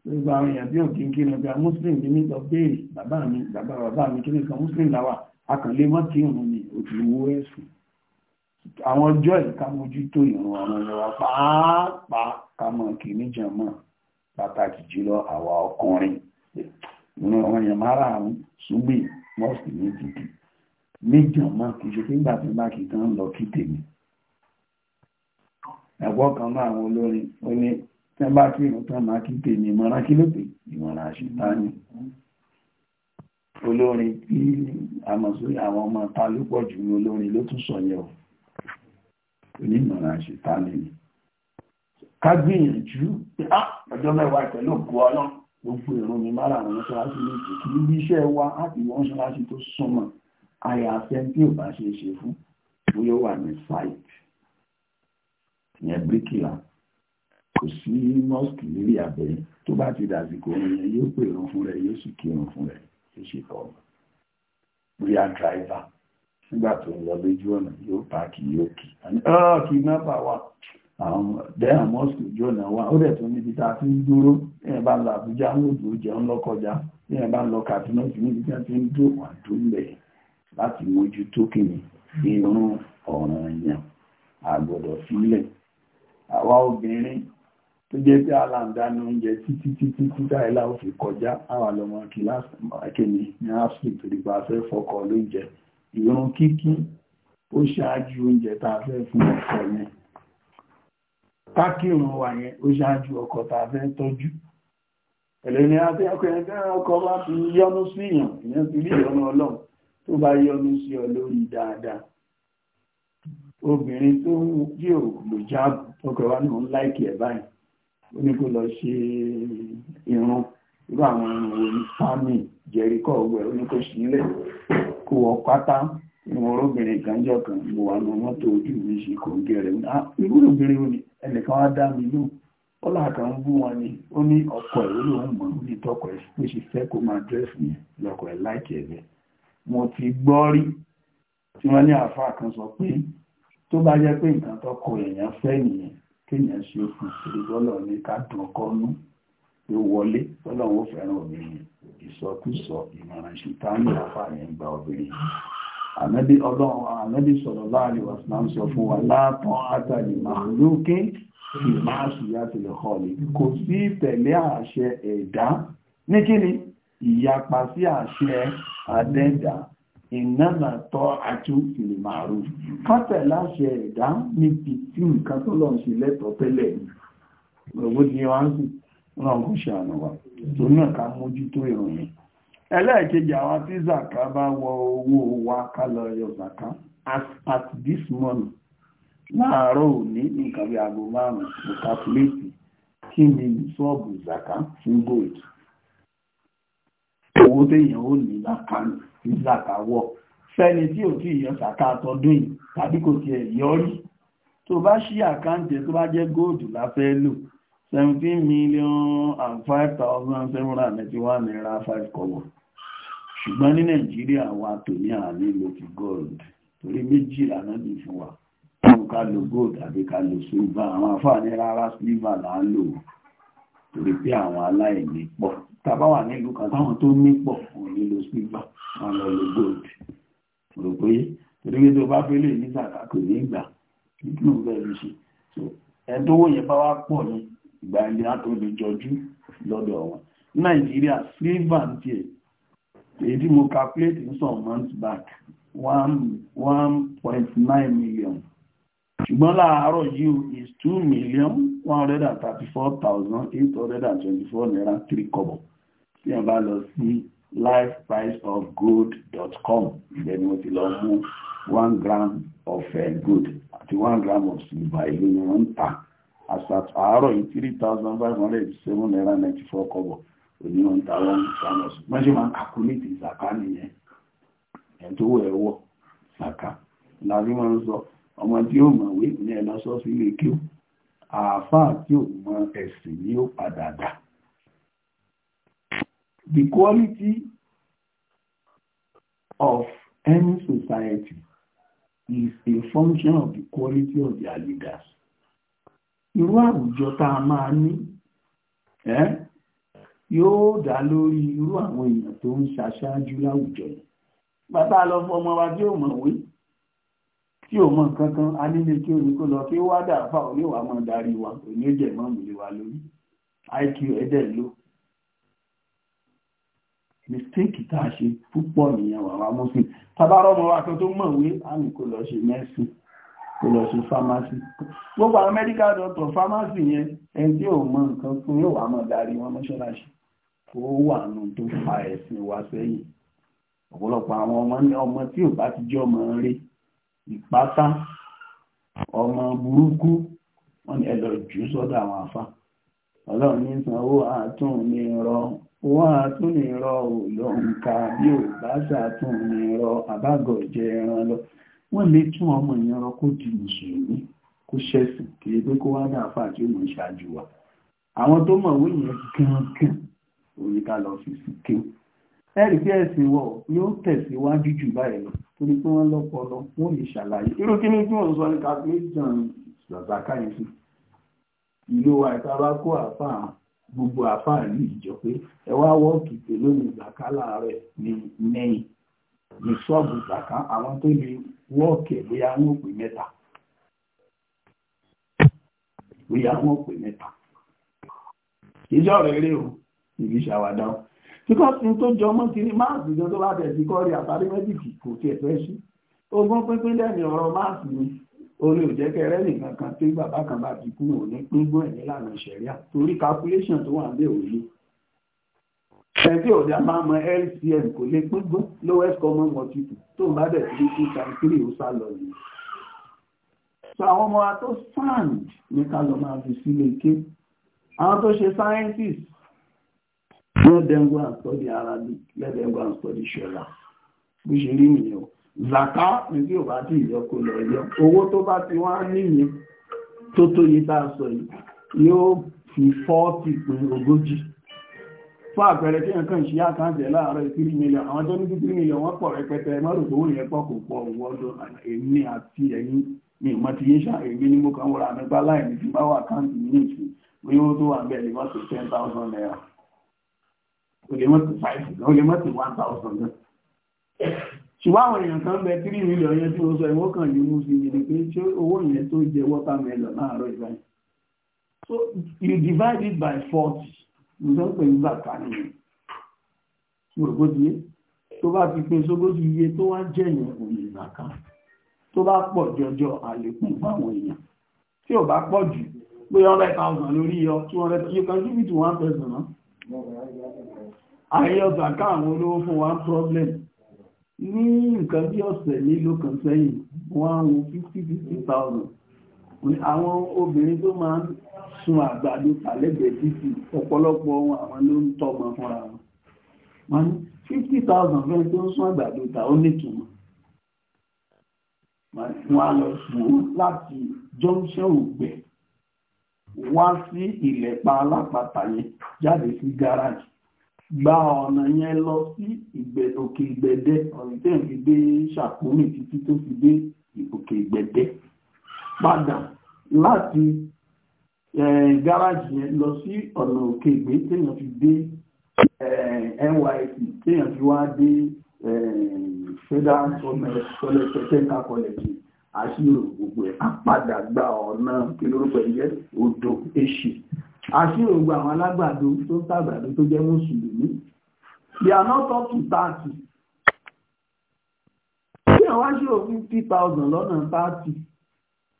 gbogbo àwọn èèyàn bí òkè kí lọ́gbà muslim ní nítọ́ béèrè bàbá mi bàbá bàbá mi kí nìkan muslim láwà akànlé mọ́kì ìrùn ni òkè owó ẹ̀sùn àwọn ọjọ́ ìka mójútó ìrùn ọ̀rọ̀ ẹ̀wà pàápàá ká mọ̀ kì í níjàmọ̀ pàtàkì jùlọ àwa ọkùnrin ìran àwọn èèyàn márààrún ṣùgbìn mọ́ọ̀sì ní dìdì níjàmọ̀ kì í ṣe nígbà tí bá kì í tán lọ kí tèmi ẹ̀gbọ́n kan náà àwọn olórin ó ní tẹ́ bá kí ìrùn tán máa kí tèmi ìmọ̀ràn kí ló pè ìmọ̀ràn àṣìta olórin tí àmọ̀sórí àwọn ọmọ ta ló pọ̀ jù olórin ló tún sọ yẹn o onímọ̀ràn àṣìta ni ká gbìyànjú pé á ah, ọjọ́ mẹ́wàá pẹ̀lú òkú ọlọ́run gbogbo ìrún mi mára àwọn mọ́ṣáláṣí méjì kí ní iṣẹ́ wa láti wọ́n mọ́ṣáláṣí tó súnmọ́ àyàfẹ́ tí ò bá ṣe é ṣe fún bóyá wà ní site ìyẹn bíríkìlà kò sí mosque lérí abẹ́rẹ́ tó bá ti dàsìkò ìyẹn yóò pè irun fún rẹ̀ yóò sì kírun fún rẹ̀ yóò ṣe tọ́ bóyá driver nígbà tó ń lọ lójú ọ̀nà yóò pààkì yóò kì í kì í nọ́mbà wà àwọn dẹ́nà mọ́sùkù jóná wa ó dẹ̀ tún níbi tá a ti ń dúró èèyàn bá ń lọ àbújá ń lòdù jẹun lọ́kọjá èèyàn bá ń lọ kàdúná sí níbi tí wọ́n ti ń dúró wà tó ń bẹ̀ láti mójú tó kìnnì irun ọ̀ràn èèyàn àgbọ̀dọ̀ sílẹ̀ àwa obìnrin tó jẹ́ pé aláǹdáná oúnjẹ títí títí títà ilá ó fi kọjá àwa lọmọ kìláàsì akéni ní áṣù torí pa fẹ́ fọkọ lóúnjẹ ìrun kíkí ó ṣáájú oúnjẹ tá a fẹ́ fún ọkọ kákìrùn wà yẹn ó ṣáájú ọkọ̀ tá a fẹ́ tọ́jú ẹ̀lẹ́ni àti ọkọ̀ ẹgbẹ́ ọkọ̀ bá ti yọnu sí ìyàn ìyàn ti rí ìyọnu ọlọ́run tó bá yọnu sí ọ lórí dáadáa obìnrin tó ń jí òòlù jáàbù ọkọ̀ wa náà ń láìkì ẹ̀ báyìí ó ní kó lọ ṣe irun irú àwọn ohun ìfámì jẹ̀ríkọ̀ ọgbẹ̀ ó ní kó sílẹ̀ kó wọ pátá ìwọ̀rọ̀bìnrin kan jọ kan mo wà ní mọ́tò ojú mi ṣe kò ń gẹ̀rẹ̀ ìwúròbìnrin ah, ò ní ẹnìkan á dá mi ló ọlá kan bú wọn ni ó ní ọkọ ẹ̀ olóhùn mọ̀ ní tọkọ ẹ̀ pé ṣe fẹ́ kó máa dírẹ́sì yẹn lọkọ ẹ̀ láìkí ẹ̀ bẹ́ẹ̀ mo ti gbọ́ rí tí wọ́n ní àáfàá kan sọ pé tó bá jẹ́ pé nǹkan tọkọ èèyàn fẹ́ nìyẹn kéèyàn ṣe fún ṣe lọ́lọ́ ní ká dùn ọkọ nú ló wọlé lọ́lọ́run ó fẹ́ràn obìnrin ìsọkúsọ ìmọ̀ràn ṣìtánì àáfàá yẹn gba obìnrin ànábí ọlọ́run ànábí sọ̀rọ̀ láàrin wàsánà sọ fún wa látàn átàlì màálùkín fi máa ṣùgbà tilẹ̀ kọlì kò sí tẹ̀lé àṣẹ ẹ̀dá ní kíni ìyapa sí àṣẹ àdẹ́dà ìnáma tọ́ àtú ìlè màálù kọ́tẹ̀ láṣẹ ẹ̀dá níbi tí nǹkan tó lọ́n ṣe lẹ́tọ̀ọ́ tẹ́lẹ̀ ọ̀gbọ́n ti wá ń sìn wọn kò ṣe àná wa tó náà ká mójútó ìròyìn ẹlẹ́ẹ̀kejì àwọn tí zaka bá wọ owó wa ká yọ zaka as at this morning láàárọ̀ òní nǹkan bí aago márùn-ún mo calculate kí ni sọ́ọ̀bù zaka fún gold owó téèyàn ó ní lákàánù tí zaka wọ̀ fẹ́ni tí ò tí ìyọ zaka tọdún yìí tàbí kò tiẹ̀ yọrí tó bá ṣí àkáǹtì tó bá jẹ́ gold la fẹ́ lò seventeen million and five thousand seven hundred and ninety one naira five kọ́bọ̀ ṣùgbọ́n ní nàìjíríà wa tò ní àní lo ti gold torí méjì lànà bí fún wa fún ká lo gold àbí ká lo silver àwọn afáàní rárá silver là ń lò torí pé àwọn aláìní pọ̀ tàbá wà nílùú kan táwọn tó ní pọ̀ wọn ní lo silver wọn lọ lo gold rò pé torí pé tó bá fẹ́ lè ní sàkà kò ní gbà nínú bẹ́ẹ̀ ṣe ẹni tó wòye bá wá pọ̀ ní ìgbà ẹni látò lè jọjú lọ́dọ̀ wọn nàìjíríà silver ń tiẹ̀ èdè mo calculate in some months back one one point nine million ṣùgbọ́n láàárọ̀ yìí is two million one hundred and thirty-four thousand eight hundred and twenty-four naira three kobo. tí a bá lọ sí lifepriceofgold.com ìgbẹ́ ni mo ti lọ mú one gram of uh, gold àti one gram of silver ìlú ni wọ́n ń ta àṣà àárọ̀ yìí three thousand five hundred seven naira ninety-four kobo oníwọ̀n táwọn sàmọ̀ wọ́n ṣe ìsàká nìyẹn ẹ̀ tó ìsàká láti wọ́n sọ ọmọ tí ó mọ̀ wé ní ẹ̀lọ́ sọ sí ilé kí ó àáfàá tí ò mọ ẹ̀sìn ní ó padà dà the quality of any society is a function of the quality of their leaders irú àwùjọ tá a máa ní ẹ́ yóò dá lórí irú àwọn èèyàn tó ń ṣaṣáájú láwùjọ yìí bàbá lọ fọmọ wa tí ò mọ̀ wé tí ò mọ̀ kankan a nílé kí o ní kó lọ kí ó wá dà fà oníwà máa darí wa òní ó jẹ̀ mọ́ ìlú wa lórí iq ẹ̀dẹ̀ ló mistake tá a ṣe púpọ̀ nìyẹn wà wá mọ́sí tabarọ́ ọmọ wa kan tó mọ̀ wé a ní kó lọ ṣe mẹ́sìn kó lọ ṣe pharmacy gbogbo àwọn medical doctor pharmacy yẹn ẹni tí ò mọ̀ nǹkan fún yóò wá máa darí wọn mọ́ṣáláṣí ó wà nù tó fa ẹ̀sìn wa sẹ́yìn ọ̀pọ̀lọpọ̀ àwọn ọmọ ní ọmọ tí ò bá ti jẹ́ ọmọ rí ìpátá ọmọ burúkú wọ́n ní ẹ lọ jù sọ́dọ̀ àwọn afá ọlọ́run ní san owó àtún ní rọ owó àtún ní rọ òlòǹkà bí ò bá ṣàtún ní rọ àbágọ̀ jẹ ẹran lọ wọ́n lè tún ọmọ yẹn rọ kó di mùsùlùmí kó ṣẹ̀sìn kí pé kó wá dáa fáà tí ó mọ̀ ṣáájú wa àwọn tó mọ̀ wí yẹn gangan òní ká lọ fi sí kéw ẹ̀rí pé ẹ̀sìn wọ̀ yóò tẹ̀síwájú jù báyìí lọ torí pé wọ́n lọ́pọlọ wọ́n lè ṣàlàyé irú kí ni tí wọ́n sọ ní calculation bàbá káyọ̀sí ìlú wa ìta bá kó àfáà gbogbo àfáà ní ìjọ pé ẹ wá wọ́ọ̀kì pé lónìí ìgbàká láàárẹ̀ ní mẹ́yìn ní ṣọ́ọ̀bù ìgbàká àwọn tó lè wọ́ọ̀kì ẹ̀ bóyá wọn ò pè mẹ́ta bóyá wọn pè mẹ́ta ìjọ rẹ̀ rí o ìbí ṣàwádà o because in tó jọmọ́ ti ní máàsì gan tó bá tẹ̀ sí kọ́ọ̀rì àtàrí mẹ́tìkì kò tiẹ̀ fẹ́ sí ogún pínpín lẹ́nu ọ̀rọ̀ máàsì ni orí òjẹ́kẹ́ rẹ́ nìkan kan tí bàbá kan bá ti kú òní pínpín ẹ̀ nílànà ìṣẹ̀ríà torí calculation tó wà ń bẹ̀ òye ẹ̀fí ọ̀dà máa mọ LCM kò lè pínpín lowest common multiple tó ń bá dẹ̀ sí two times three ó sá lọ yìí. so àwọn ọmọ wa tó stand ní ká lọ máa fi sílé ké àwọn tó ṣe sciences Let them go and study Arabic. Let them go and study Shura. Bó ṣe rí nìyẹn o. Zaka ní tí ò bá tí ìyọkó lọ yọ. Owó tó bá ti wá níyẹn tó tó yí tá a sọ yìí yóò fi fọ́ọ̀tì pín ogójì. Fún àpẹẹrẹ tí nǹkan ìṣe àkáǹtẹ̀ láàárọ̀ ìtírí mílíọ̀n, àwọn tó ní títírí mílíọ̀n wọ́n pọ̀ rẹpẹtẹ ẹ mọ́rò gbówó yẹn pọ̀ kò pọ̀ òun ọdún èmi àti ẹ̀yìn mi ìmọ̀ ti yé ṣá èmi ni mo kàn wọ́ra mi bá láì ní ti bá wà àkáǹtì mi ní ìsìn. Oyún tó wà bẹ́ẹ̀ ni wọ́n ti ten thousand naira ó lè mọ́tò five gan ó lè one thousand ṣùgbọ́n èèyàn kan bẹ three million yẹn tí mo sọ ìwọ́n kan yìí mú sí mi pé ṣé owó yẹn tó jẹ watermelon láàárọ̀ ìbáyìí so you divide it by forty mo sọ pé nígbà kan ni mo rò bó ti yé tó bá ti pín sógójì iye tó wá jẹ̀yìn òun ìgbàká tó bá pọ̀ jọjọ àlékún fáwọn èèyàn tí ò bá thousand lórí yọ two you can give to one person ayọ́ zaka àwọn olówó fún wa problem ní nǹkan bí ọ̀sẹ̀ nílò kan sẹ́yìn wọ́n wo 50,000 àwọn obìnrin tó máa ń sun àgbàdo tàlẹ́gbẹ̀ẹ́ títì ọ̀pọ̀lọpọ̀ ohun àwọn ló ń tọ́mọ fúnra wọn wọ́n 50,000 fẹ́ tó ń sun àgbàdo tà ó nìtumọ̀ wọ́n á lọ sùn láti junction ògbẹ̀ wá sí ìlẹ̀pa alápàtà yẹn jáde sí gáràjì gba ọ̀nà yẹn lọ sí òkè ìgbẹ̀dẹ ọ̀rìn tẹ̀ fi dé ṣàkómi títí tó fi dé òkè ìgbẹ̀dẹ padà láti gáràjì yẹn lọ sí ọ̀nà òkè ìgbé téèyàn fi dé NYSC téèyàn fi wá dé Federal College Technical College àṣírò gbogbo ẹ̀ apádà gba ọ̀nà kí lórúkọ ẹ̀jẹ̀ odò èṣì àṣírò gbogbo àwọn alágbàdo tó ń tàgbàdo tó jẹ́ mùsùlùmí they are not up to thirty kí ẹ̀ wá ṣírò fifty thousand lọ́nà thirty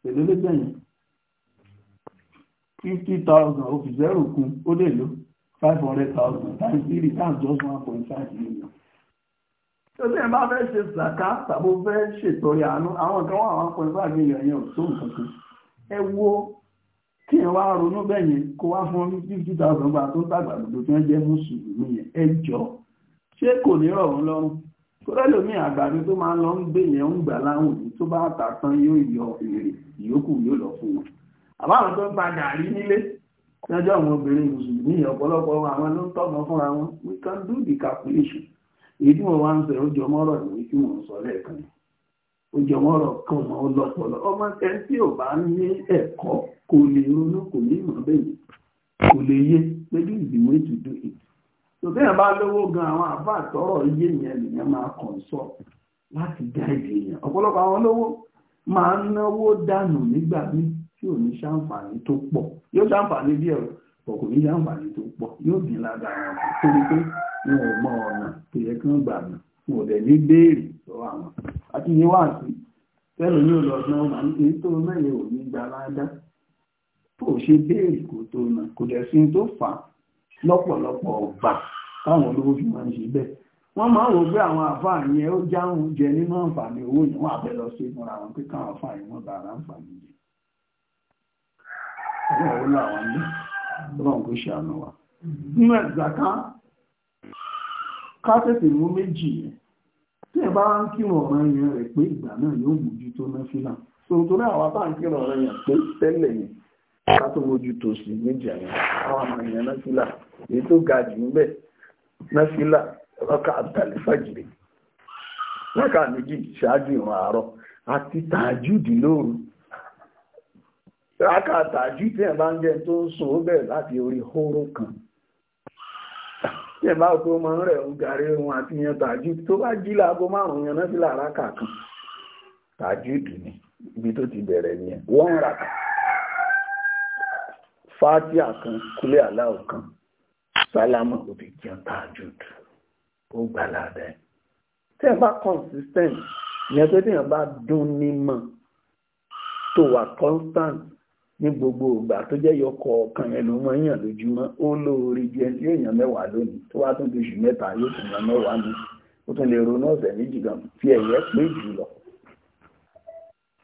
pẹ̀lú lẹ́gbẹ̀yìn fifty thousand ó fi zero kún ó lè lo five hundred thousand times three times just one point five million tọ́lẹ̀ bá fẹ́ ṣe ṣàká tàbí fẹ́ ṣètọrẹ àánú àwọn kan wà wọn pẹ̀lú àgbéyàn yẹn ò tó nǹkan kan ẹ wo kí ẹ wá ronú bẹ́yẹn kó wá fún fifty thousand gba tó dàgbà gbogbo tí wọ́n jẹ́ mùsùlùmí yẹn ẹ jọ ṣé kò ní rọrùn lọ́rùn kúrẹ́ lómi àgbàdo tó máa ń lọ ń gbé yẹn ń gbà láwùn ní tó bá tà tán yóò yọ èrè ìyókù yóò lọ fún wọn àbáwọn tó ń ta gàrí nílé lọ́jọ́ àwọn obìnrin mùsùlùmí ọ̀pọ̀lọpọ̀ àwọn ló ń tọ́mọ fúnra wọn we can do the calculation èyí tí wọ́n wá ń sọ̀rọ̀ ojú ọmọ ọ̀rọ̀ ìwé tí wọ́n sọ lẹ́ẹ̀kan ojú ọmọ ọ̀rọ̀ kan mọ́ ọlọ́pọlọ ọmọ ẹni tí ò bá ní ẹ̀kọ́ kò lè ronú kò ní ìmọ̀ bẹ́ẹ̀ kò lè yé pẹ̀lú ìgbìmọ̀ to do it ẹ̀ bá lówó gan àwọn àbá àtọ́rọ̀ yé yẹn máa kàn láti dá ìdí ọ̀pọ̀lọpọ̀ ọkọ ní àǹfààní tó pọ̀ yóò dín lágbára wọn torí pé wọn ò mọ ọ̀nà tó yẹ kí wọ́n gbà mọ̀ wọn ò dẹ̀ ní béèrè lọ́wọ́ àwọn àti iye wá sí tẹ́lẹ̀ ní ọlọ́sán ọmọ ní kí tó mẹ́rin ò ní gba ládá tó ṣe béèrè kó tó nà kò dẹ̀ sí tó fà á lọ́pọ̀lọpọ̀ ọ̀gbà táwọn olówó fi máa ń ṣe bẹ́ẹ̀ wọ́n máa ń wò pé àwọn àfáà yẹn ó jáhùn jẹ nínú àǹfààní owó yẹn wọ́n àbẹ̀ lọ sí fúnra wọn pé káwọn àfáà yẹn wọ́n bá ara àǹfààní yẹn. àwọn òun làwọn ọlọ́run kò ṣe àánú wa nínú ẹ̀zàká kásẹ̀tì mú méjì yẹn tí ẹ bá ń kírun ọ̀ràn yẹn rẹ̀ pé ìgbà náà yóò mójútó náfìlà so torí àwọn bá ń kírun ọ̀ràn yẹn pé tẹ́lẹ̀ yẹn ká tó mójútó sí méjì àwọn ga rákàtà jù tí ẹ̀ bá ń jẹ tó ń sùn ó bẹ̀rẹ̀ láti orí hóró kan tí ẹ̀ bá pé ó máa ń rẹ̀ ń garí ohun àti yan tàjú tó bá jí láago márùn-ún yan náà sí làrákà kan tàjú dùn ní ibi tó ti bẹ̀rẹ̀ yẹn wọ́n ràkà fátíà kan kúlé aláwọ̀ kan sálámà ó ti jẹun tàjú dùn ó gbà ládàá tí ẹ̀ bá consistent ìyẹn pé tí ẹ̀ bá dún ní mọ̀ tó wà constant ní gbogbo ìgbà tó jẹ́ yọkọ̀ ọ̀kan yẹn ló mọ́ èèyàn lójúmọ́ ó lóore ju ẹni tí èèyàn mẹ́wàá lónìí tó wá tún oṣù mẹ́ta yóò tún lọ mẹ́wàá ni ó tún lè ronú ọ̀sẹ̀ méjì gan fi ẹ̀yẹ pé jù lọ.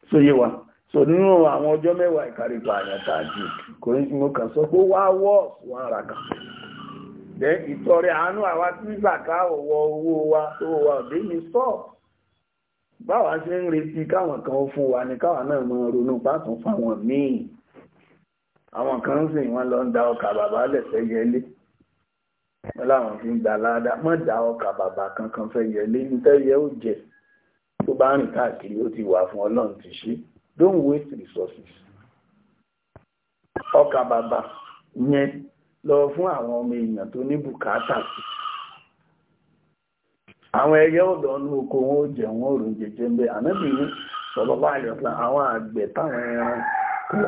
so yé wa so nínú àwọn ọjọ́ mẹ́wàá ìkárìkọ àyàn tààjì kò ní mo kàn sọ pé wá wọ́ọ̀sì wọn ara kan. dẹ ìtọrẹ àánú àwa tí zaka ọwọ́ owó wa tó wà òde ní stọọ báwa ṣe ń retí káwọn kan fún wa ni káwọn náà mọ ronú pàtó fáwọn míì àwọn kan ń sìn wọ́n lọ ń da ọkà bàbá lẹ̀fẹ́ yẹlé wọ́n láwọn fi ń gbà ládàá mọ́ da ọkà bàbá kankan fẹ́ yẹlé nítẹ́yẹ ó jẹ tó bá rìn káàkiri ó ti wà fún ọlọ́run ti ṣe don't waste resources ọkà bàbá yẹn lọ fún àwọn ọmọ èèyàn tó ní bùkátà sí àwọn ẹyẹ ọ̀dọ́ ọ̀nà oko wọn ó jẹun ó rùn jẹjẹ ń bẹ ànábìyí sọlọ́pàá àyọ̀tàn àwọn àgbẹ̀ táwọn ẹran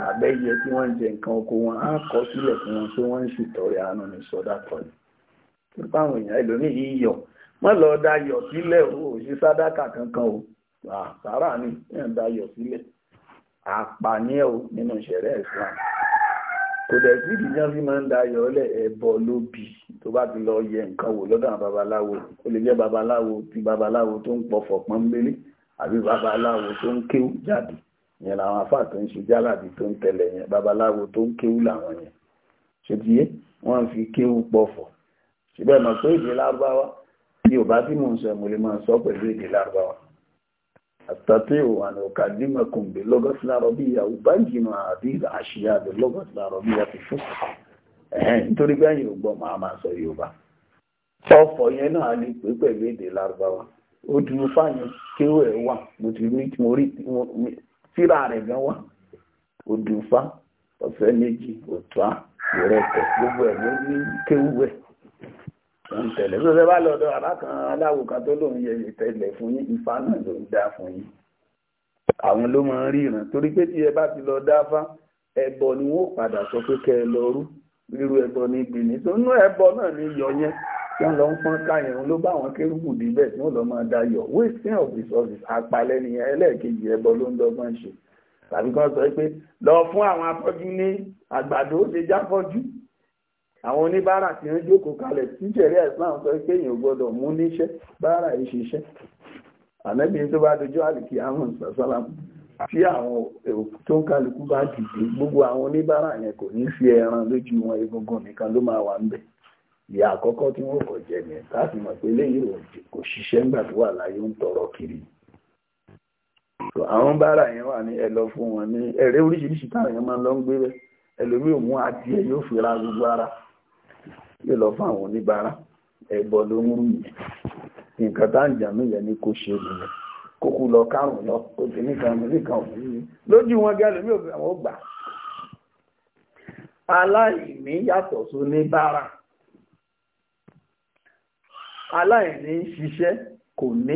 abẹ́yẹ tí wọ́n ń jẹ nǹkan oko wọn á kọ sílẹ̀ fún wọn pé wọ́n ń ṣètọrẹ àánú ní sọ́dà tọ́lẹ̀ nípa àwọn èèyàn ẹlòmíì yìí yọ wọ́n lọ da yọ̀ sílẹ̀ o ò ṣe sádàkà kankan o sàrà ni yẹn da yọ̀ sílẹ̀ àpàníyàn o nínú ìṣẹ̀rẹ́ Islam kò dẹ̀ sí ìdí yẹn fi máa ń da yọ̀ ọ́lẹ̀ ẹ̀bọ ló bì tó bá ti lọ yẹ nǹkan wò lọ́dọ̀ àwọn babaláwo yẹn làwọn afá tó ń ṣe jálàbí tó ń tẹ̀lẹ̀ yẹn babaláwo tó ń kéwú làwọn yẹn ṣètìyé wọ́n fi kéwú pọ̀fọ̀ síbẹ̀ mọ̀ pé èdè lárúbáwá bí ò bá tí mò ń sọ mo lè máa sọ pẹ̀lú èdè lárúbáwá àtàtì òwàní òkàdímọ̀ kùnbé lọ́gọ́sí lárọ́bí ìyàwó bá jìnnà àbí àṣìyà àbẹ̀ lọ́gọ́sí lárọ́bí àti fúsà ẹ̀hẹ́n nítorí pé àyìn ògbọ́ màá máa sọ Yorùbá ọ̀fọ̀ yẹn náà lè pè pẹ̀lú èdè lárúbáwá ó dúró fáyín kéwẹ̀ wà mo ti rí tíra rẹ̀ gan wá òdùnfá ọ̀sẹ̀ méjì òtúá ìrẹ́pẹ̀ gbogbo ẹ̀ ló ní kéwúwẹ̀ ń tẹ̀lé tó fẹ́ bá lọ́dọ̀ alákan aláwo kan tó lóun yẹ ìtẹ̀lẹ̀ fún yín ifá náà ló ń dá fún yín àwọn ló máa ń ríran torí pé tí ẹ bá ti lọ dáfá ẹbọ ni wọn ò padà sọ pé kẹ ẹ lọ rú rírú ẹbọ ní gbìnì tó nú ẹbọ náà ní yọ yẹn tí wọ́n lọ ń pọ́n káyẹ̀rún ló bá àwọn kérúbù níbẹ̀ tí wọ́n lọ máa dayọ̀ wasting of resources apalẹ́ni ẹlẹ́ẹ̀kejì ẹbọ ló ń dọ́gbọ́n ṣe tàbí kan sọ pé lọ fún àwọn afọ́jú ní àgbàdo ó ṣe jáfọ́jú àwọn oníbàárà tí wọ́n jókòó kalẹ̀ tíjẹ̀rí ẹ̀sán sọ pé èèyàn ò gbọ́dọ̀ mú níṣẹ́ bàárà yìí ṣiṣẹ́ àmẹ́bí tó bá dojú àlìkí àwọn sàṣálàmù tí àwọn tó ń kálukú bá dìde gbogbo àwọn oníbàárà yẹn kò ní fi ẹran lójú wọn egungun nìkan ló máa wà ń bẹ̀ ìyá àkọ́kọ́ tí wọ́n kọ̀ jẹ nìyẹn láti mọ̀ pé lẹ́yìn kò ṣiṣẹ́ ńgbà tó wà láyé ń tọrọ kiri àwọn bára yẹn wà ní ẹ lọ fún wọn ní ẹ̀rẹ́ oríṣiríṣi táwọn yẹn máa ń lọ ń gbé bẹ́ ẹlòmí ò mú adìẹ yóò fi ra gbogbo ara yóò lọ fún àwọn oníbàárà ẹbọ ló ń rú yẹn nǹkan tá à ń jàmú yẹn ni kò ṣe nìyẹn kókó lọ kárùn lọ kó ti nìkan nìkan òun yìí lójú wọn gẹ ẹlòmí ò fi àwọn gbà aláìní yàtọ̀ sí oníbàárà aláìní ṣiṣẹ́ kò ní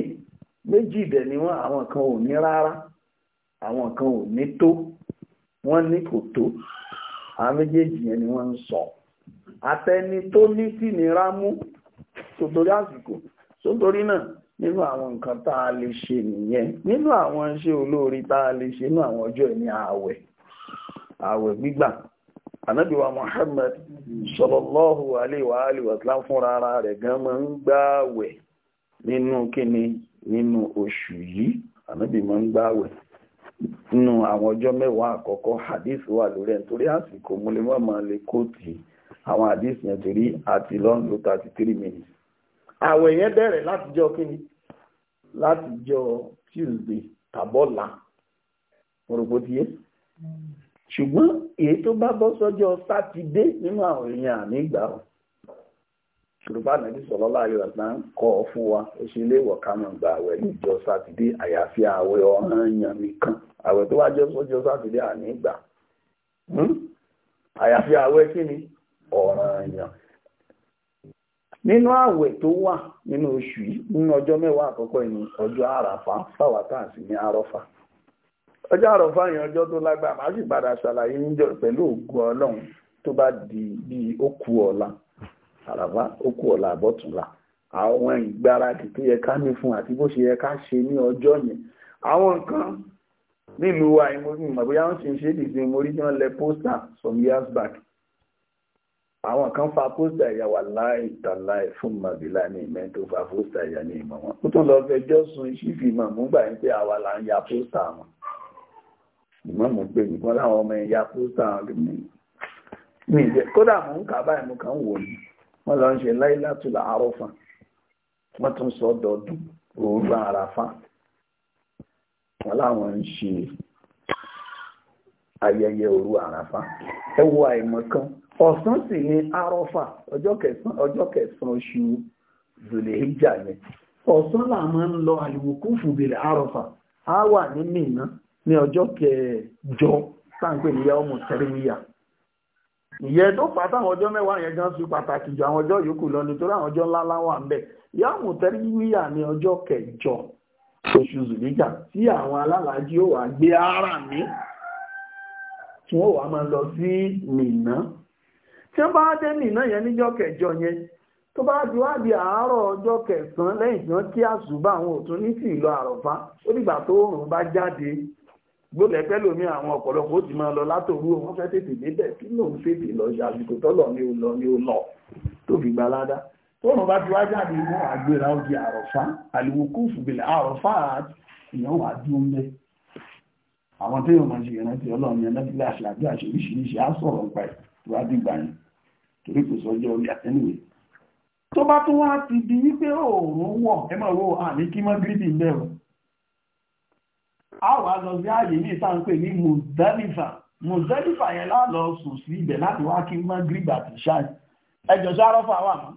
méjì dẹ̀ ni wọ́n àwọn kan ò ní rárá àwọn kan ò ní tó wọ́n ní kò tó àwọn méjèèjì yẹn ni wọ́n ń sọ àtẹni tó ní tì ní rámú tòtòrí àsìkò sótórí náà nínú àwọn nǹkan tá a lè ṣe nìyẹn nínú àwọn iṣẹ́ olóore tá a lè ṣe nínú àwọn ọjọ́ ìní ààwẹ̀ ààwẹ̀ gbígbà anábíwa Muhammad sallallahu alaihi wa alihi wa sallam fúnra ara rẹ̀ gan máa ń gbààwẹ̀ nínú kíni nínú oṣù yìí anábí máa ń gbààwẹ̀ nínú àwọn ọjọ́ mẹ́wàá àkọ́kọ́ hadith wà lórí ẹ̀ torí àsìkò múlẹ́mọ́ máa lè kóòtì àwọn hadith yẹn torí àti lọ́nlọ́ 33 minutes àwẹ̀ yẹn bẹ̀rẹ̀ látijọ́ kíni látijọ́ Tuesday tàbọ́là mo rò bó ti yé ṣùgbọ́n èyí tó bá bọ́ sọ́jọ́ sátidé nínú àwọn èèyàn àmì ṣùgbọ́n ànábì sọ̀rọ̀ láàyè ọ̀sán ń kọ́ ọ fún wa ó ṣe ilé ìwọ̀ ká máa gba àwẹ̀ níjọ́ sátidé àyàfi àwẹ̀ ọ̀ranyàn nìkan àwẹ̀ tó wájọ́ sọ́jọ́ sátidé àmì ìgbà hmm? àyàfi àwẹ̀ kí ni nínú àwẹ̀ tó wà nínú oṣù yìí nínú ọjọ́ mẹ́wàá àkọ́kọ́ ìní ọjọ́ àràfà fáwátà sí ní àrọ́fà ọjọ́ àrọ̀ fáyàn ọjọ́ tó lágbà má sì padà ṣàlàyé níjọ pẹ̀lú ògùn ọlọ́run tó bá di bí ókú ọ̀la àràbá ókú ọ̀la àbọ̀túnla àwọn ìgbáradì tó yẹ ká ní fún àti bó ṣe yẹ ká ṣe ní ọjọ́ yẹn àwọn nǹkan nílùú wa ìmọ̀ bóyá wọ́n ṣe ń ṣe dìde mórí lẹ pósítà some years back àwọn kan fa pósítà ìyá wà láì tàláì fún màbílà ní ìmẹ́ tó fa pósítà ìyá ní ìmọ̀ wọn ó tún lọ fẹjọ́ sun ṣífì mọ̀ múgbà yín pé àwa là ń ya pósítà wọn ìmọ̀mù pé nìkan láwọn ọmọ ẹ̀yà pósítà mi kódà mò ń kà báyìí mo kàn ń wò ní wọ́n lọ ń ṣe láìlátul àárọ̀fà wọ́n tún sọ dọ̀dún òru àràfà wọ́n láwọn ń ṣe ayẹyẹ òru àràfà ẹ wo àìmọ̀ kan ọ̀sán sì ni àrọ̀fà ọjọ́ kẹsàn-án ọjọ́ kẹsàn-án oṣù zòlèhíjà yẹn ọ̀sán làwọn ń lọ àlùkù fùbìrì àrọ̀fà á wà ní Mínà ní ọjọ́ kẹjọ sáǹpẹ̀ ní yàwó mọ̀tẹ́rìmíyà tó fà ọjọ́ mẹ́wàá yẹn gan sí pàtàkì ju àwọn ọjọ́ yòókù lọ nítorí àwọn ọjọ́ ńláńlá bẹ̀ yàwó mọ̀tẹ́rìmíyà ní ọjọ́ kẹjọ oṣù zùlíjà tí àwọn gbé ara mi tí lọ sí tí bá dé kẹjọ yẹn tó bá di wá di kẹsàn-án lẹ́yìn tí wọ́n kí àṣùbà àwọn òtún ní sí ìlú rùn bá jáde gbọ́dọ̀ ẹgbẹ́ lómi àwọn ọ̀pọ̀lọpọ̀ ó ti máa lọ látòru wọn fẹ́ tètè débẹ̀ kí ló ń fètè lọ ṣe àsìkò tọ́lọ̀ ni ó lọ ni ó lọ tó fi gba ládá tóun bá ti wá jáde inú àgbèrà ògì àròfá àlùwò kúfù bìlẹ̀ àròfá èèyàn wà dúró mẹ́ àwọn tó yóò máa ṣe ìrántí ọlọ́run yẹn lọ́dún láti àjọ àṣeríṣiríṣi á sọ̀rọ̀ nípa ẹ̀ tó bá dìgbà yẹn torí kò sọjọ́ orí àtẹnìwé tó bá tún wá ti di wípé òòrùn wọ̀ ẹ máa wo àní kí mọ́ gírídì ń bẹ̀rù a wà lọ sí ààyè ní ìtànpè ní Muzdalifa Muzdalifa yẹn lálọ sùn sí ibẹ̀ láti wá kí Magrib àti ṣáì ẹjọ́ sí arọ́fà wà mọ́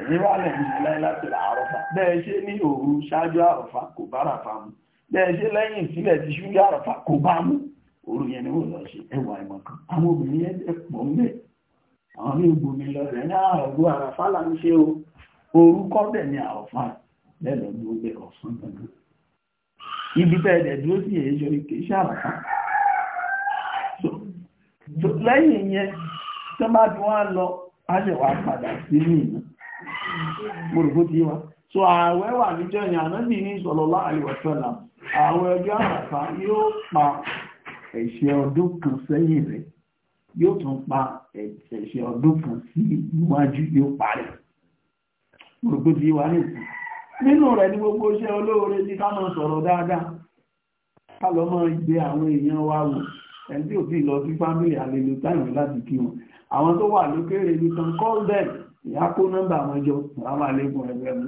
èyí wà lẹ́yìn ìṣẹ̀lẹ̀ láti rà arọ́fà bẹ́ẹ̀ ṣe ní òru ṣáájú arọ́fà kò bára fa mu bẹ́ẹ̀ ṣe lẹ́yìn ìsílẹ̀ ti ṣúlẹ̀ arọ́fà kò bá mu òru yẹn ni wọ́n lọ ṣe ẹwà ìmọ̀ kan àwọn obìnrin yẹn pọ̀ ń bẹ̀ àwọn ní gbomi lọ rẹ̀ ní àrọ̀gbọ́ ah, àràfà là ń ṣe o orúkọ dẹ̀ ní àrọ̀fà lẹ́lọ́gbọ́ bẹ̀ ọ̀sán gbọ̀ngàn ibi tẹ́ ẹ̀dẹ̀ dúró sí èyíṣọ́ ike ṣàràká lẹ́yìn yẹn tó bá ti wá lọ aṣẹ̀wà padà sí ní ìlú gbogbo ti wá so ààwẹ̀ wà níjọ́ ìyàn ànábì ní sallallahu alaihi wasallam ọjọ́ àràfà yóò pa ẹ̀ṣẹ̀ ọdún kan sẹ́yìn rẹ̀ yóò tún pa ẹ̀ṣẹ̀ ọdún kan sí iwájú yóò parẹ́ gbogbo ti wá nìkan nínú rẹ̀ ni gbogbo iṣẹ́ olóore ní ká máa sọ̀rọ̀ dáadáa ká lọ máa gbé àwọn èèyàn wa wò ẹni tí lọ sí fámílì àlejò táìmù láti kí wọn àwọn tó wà lókèrè ní kan call them ìyá kó nọ́mbà wọn àwọn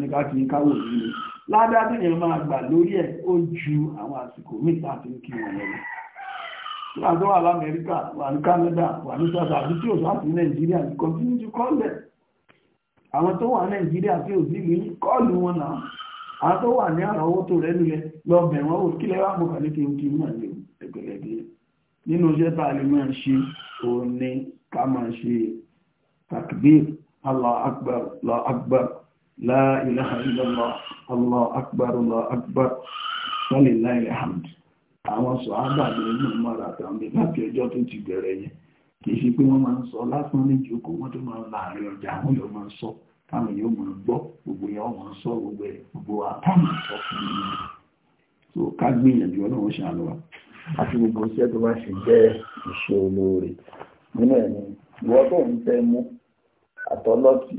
ní ká kí tí yẹn máa gbà lórí ju àwọn àsìkò míì láti kí wọn lọ wà wà ní Canada wà ní South Africa tí sáà àwọn tó wà nàìjíríà tí ò sí lè kọlù wọn náà àwọn tó wà ní àrọ̀wọ́tò rẹ̀ nílẹ̀ lọ bẹ̀rẹ̀ wọn ò kílẹ̀ wà mọ̀kà ní kéwù kéwù náà lè ẹgbẹ̀lẹ́gbẹ̀ nínú iṣẹ́ tá a lè máa ṣe ò ní ká máa ṣe takbir Allahu akbar akbar akbar ní mọ́ra àtàwọn kì í ṣe pé wọ́n máa ń sọ lásán ní ìjókòó wọ́n tó máa ń la àrẹ ọjà àwọn yóò máa ń sọ táwọn yóò máa gbọ́ gbogbo yẹn wọ́n máa ń sọ gbogbo ẹ̀ gbogbo àtọ́nà sọ fún mi so ká gbìyànjú ọlọ́run ṣàánú wa àti gbogbo iṣẹ́ tó bá ṣe jẹ́ ìṣe olóore nínú ẹ̀ ni ìwọ tó ń fẹ́ mú àtọ́lọ́tì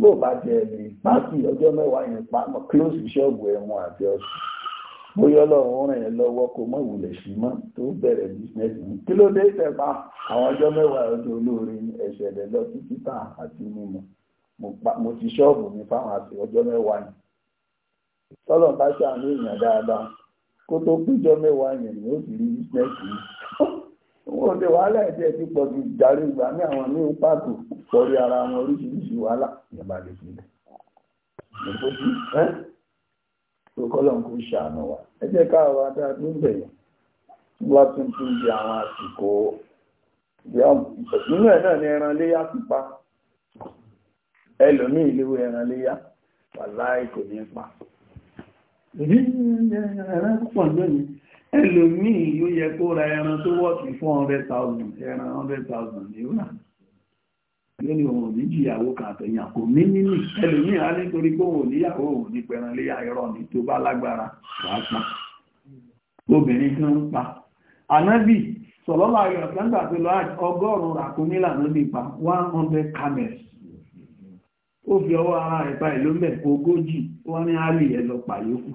bó bá jẹ́ ẹ̀mí pàtì ọjọ́ mẹ́wàá yẹn pa close ṣọ́ọ̀bù ẹ̀wọ̀n àti ọ̀sùn bóyá ọlọ́run ràn yẹn lọ́wọ́ kó mọ̀ ìwùlẹ̀ sí mọ́ tó bẹ̀rẹ̀ bísínẹ́sì ní kí ló dé ìtẹ̀pá àwọn ọjọ́ mẹ́wàá ọjọ́ olóore ẹ̀ṣẹ̀ rẹ̀ lọ sí títà àti mímu mo ti ṣọ́ọ̀bù mi fáwọn àti ọjọ́ mẹ́wàá yẹn tọ́lọ̀ bá ṣàánú èèyàn dáadáa kó tó péjọ mẹ́wàá yẹn ni ó sì rí bísínẹ́sì yìí wọn ò lè wàhálà ẹ̀jẹ̀ ti pọ̀ ju ìdarí ìgbà ní àwọn ní pàtó pọ̀rí ara wọn oríṣiríṣi wàhálà ìyàbá lè lókọ́lọ́n kò ṣàánú wa ẹ jẹ́ káàwà dáadọ́ bẹ̀rẹ̀ wá tún tún di àwọn àsìkò nínú ẹ̀ náà ni ẹran léyá pípa ẹlòmí ìléwé ẹran léyá wàláì kò ní pa ẹran púpọ̀ lónìí ẹlòmí yóò yẹ kó ra ẹran tó wọ́ọ̀tì fún 100,000 ẹran 100,000 ní ó yóò ọmọ òun ní jìyàwó kan àtẹ̀yìn àpò mí nínú ẹlòmíì á nítorí pé òun níyàwó òun ní pẹran léyà irọ́ tó bá lágbára wàá obìnrin kan ń pa ànábì sọ̀lọ́lá ayọ̀ àtàǹgbà tó lọ ọgọ́rùn-ún ní pa one hundred camels ó fi ọwọ́ ara ẹ̀ ìlú ogójì wọ́n ní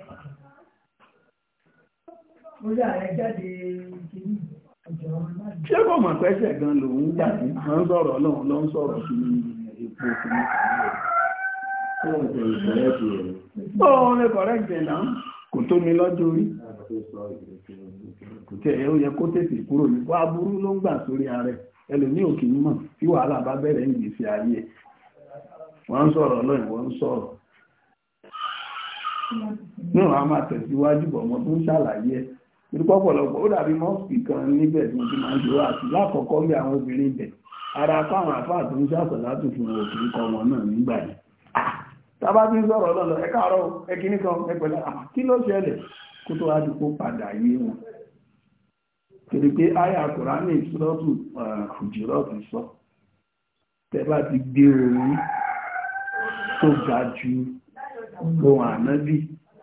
ṣé kò mọ̀ pẹ́sẹ̀ gan lòun gbà tí wọ́n ń sọ̀rọ̀ lọ́wọ́ lọ́n sọ̀rọ̀ sí kò mi lọ́jọ́ orí kò tẹ̀ ó kó tètè kúrò ní wá burú ló ń gbà sórí ààrẹ ẹlòmí tí wàhálà bá bẹ̀rẹ̀ ń gbèsè ayé wọ́n sọ̀rọ̀ lọ́yìn wọ́n sọ̀rọ̀ náà a máa tẹ̀síwájú bọ̀ mọ́ tó ń ṣàlàyé nípa ọ̀pọ̀lọpọ̀ ó dàbí mọ́ọ̀sì kan níbẹ̀ tí wọ́n ti máa ń ṣòro àti lákọ̀ọ́kọ́ bí àwọn obìnrin ibẹ̀ ara káwọn àfáà tó ń ṣàṣọ láti fún wọn òfin kọ wọn náà nígbà yìí tábà tí ń sọ̀rọ̀ lọ́lọ́ ẹ káàárọ̀ ẹ kíní kan ẹ pẹ̀lẹ́ kí ló ṣẹlẹ̀ kó tó wá di kó padà yé wọn torí pé àyà kùránì sọ́ọ̀tù Hùjúrátù sọ tẹ́ bá ti gbé orin tó ga ju ohun ànábì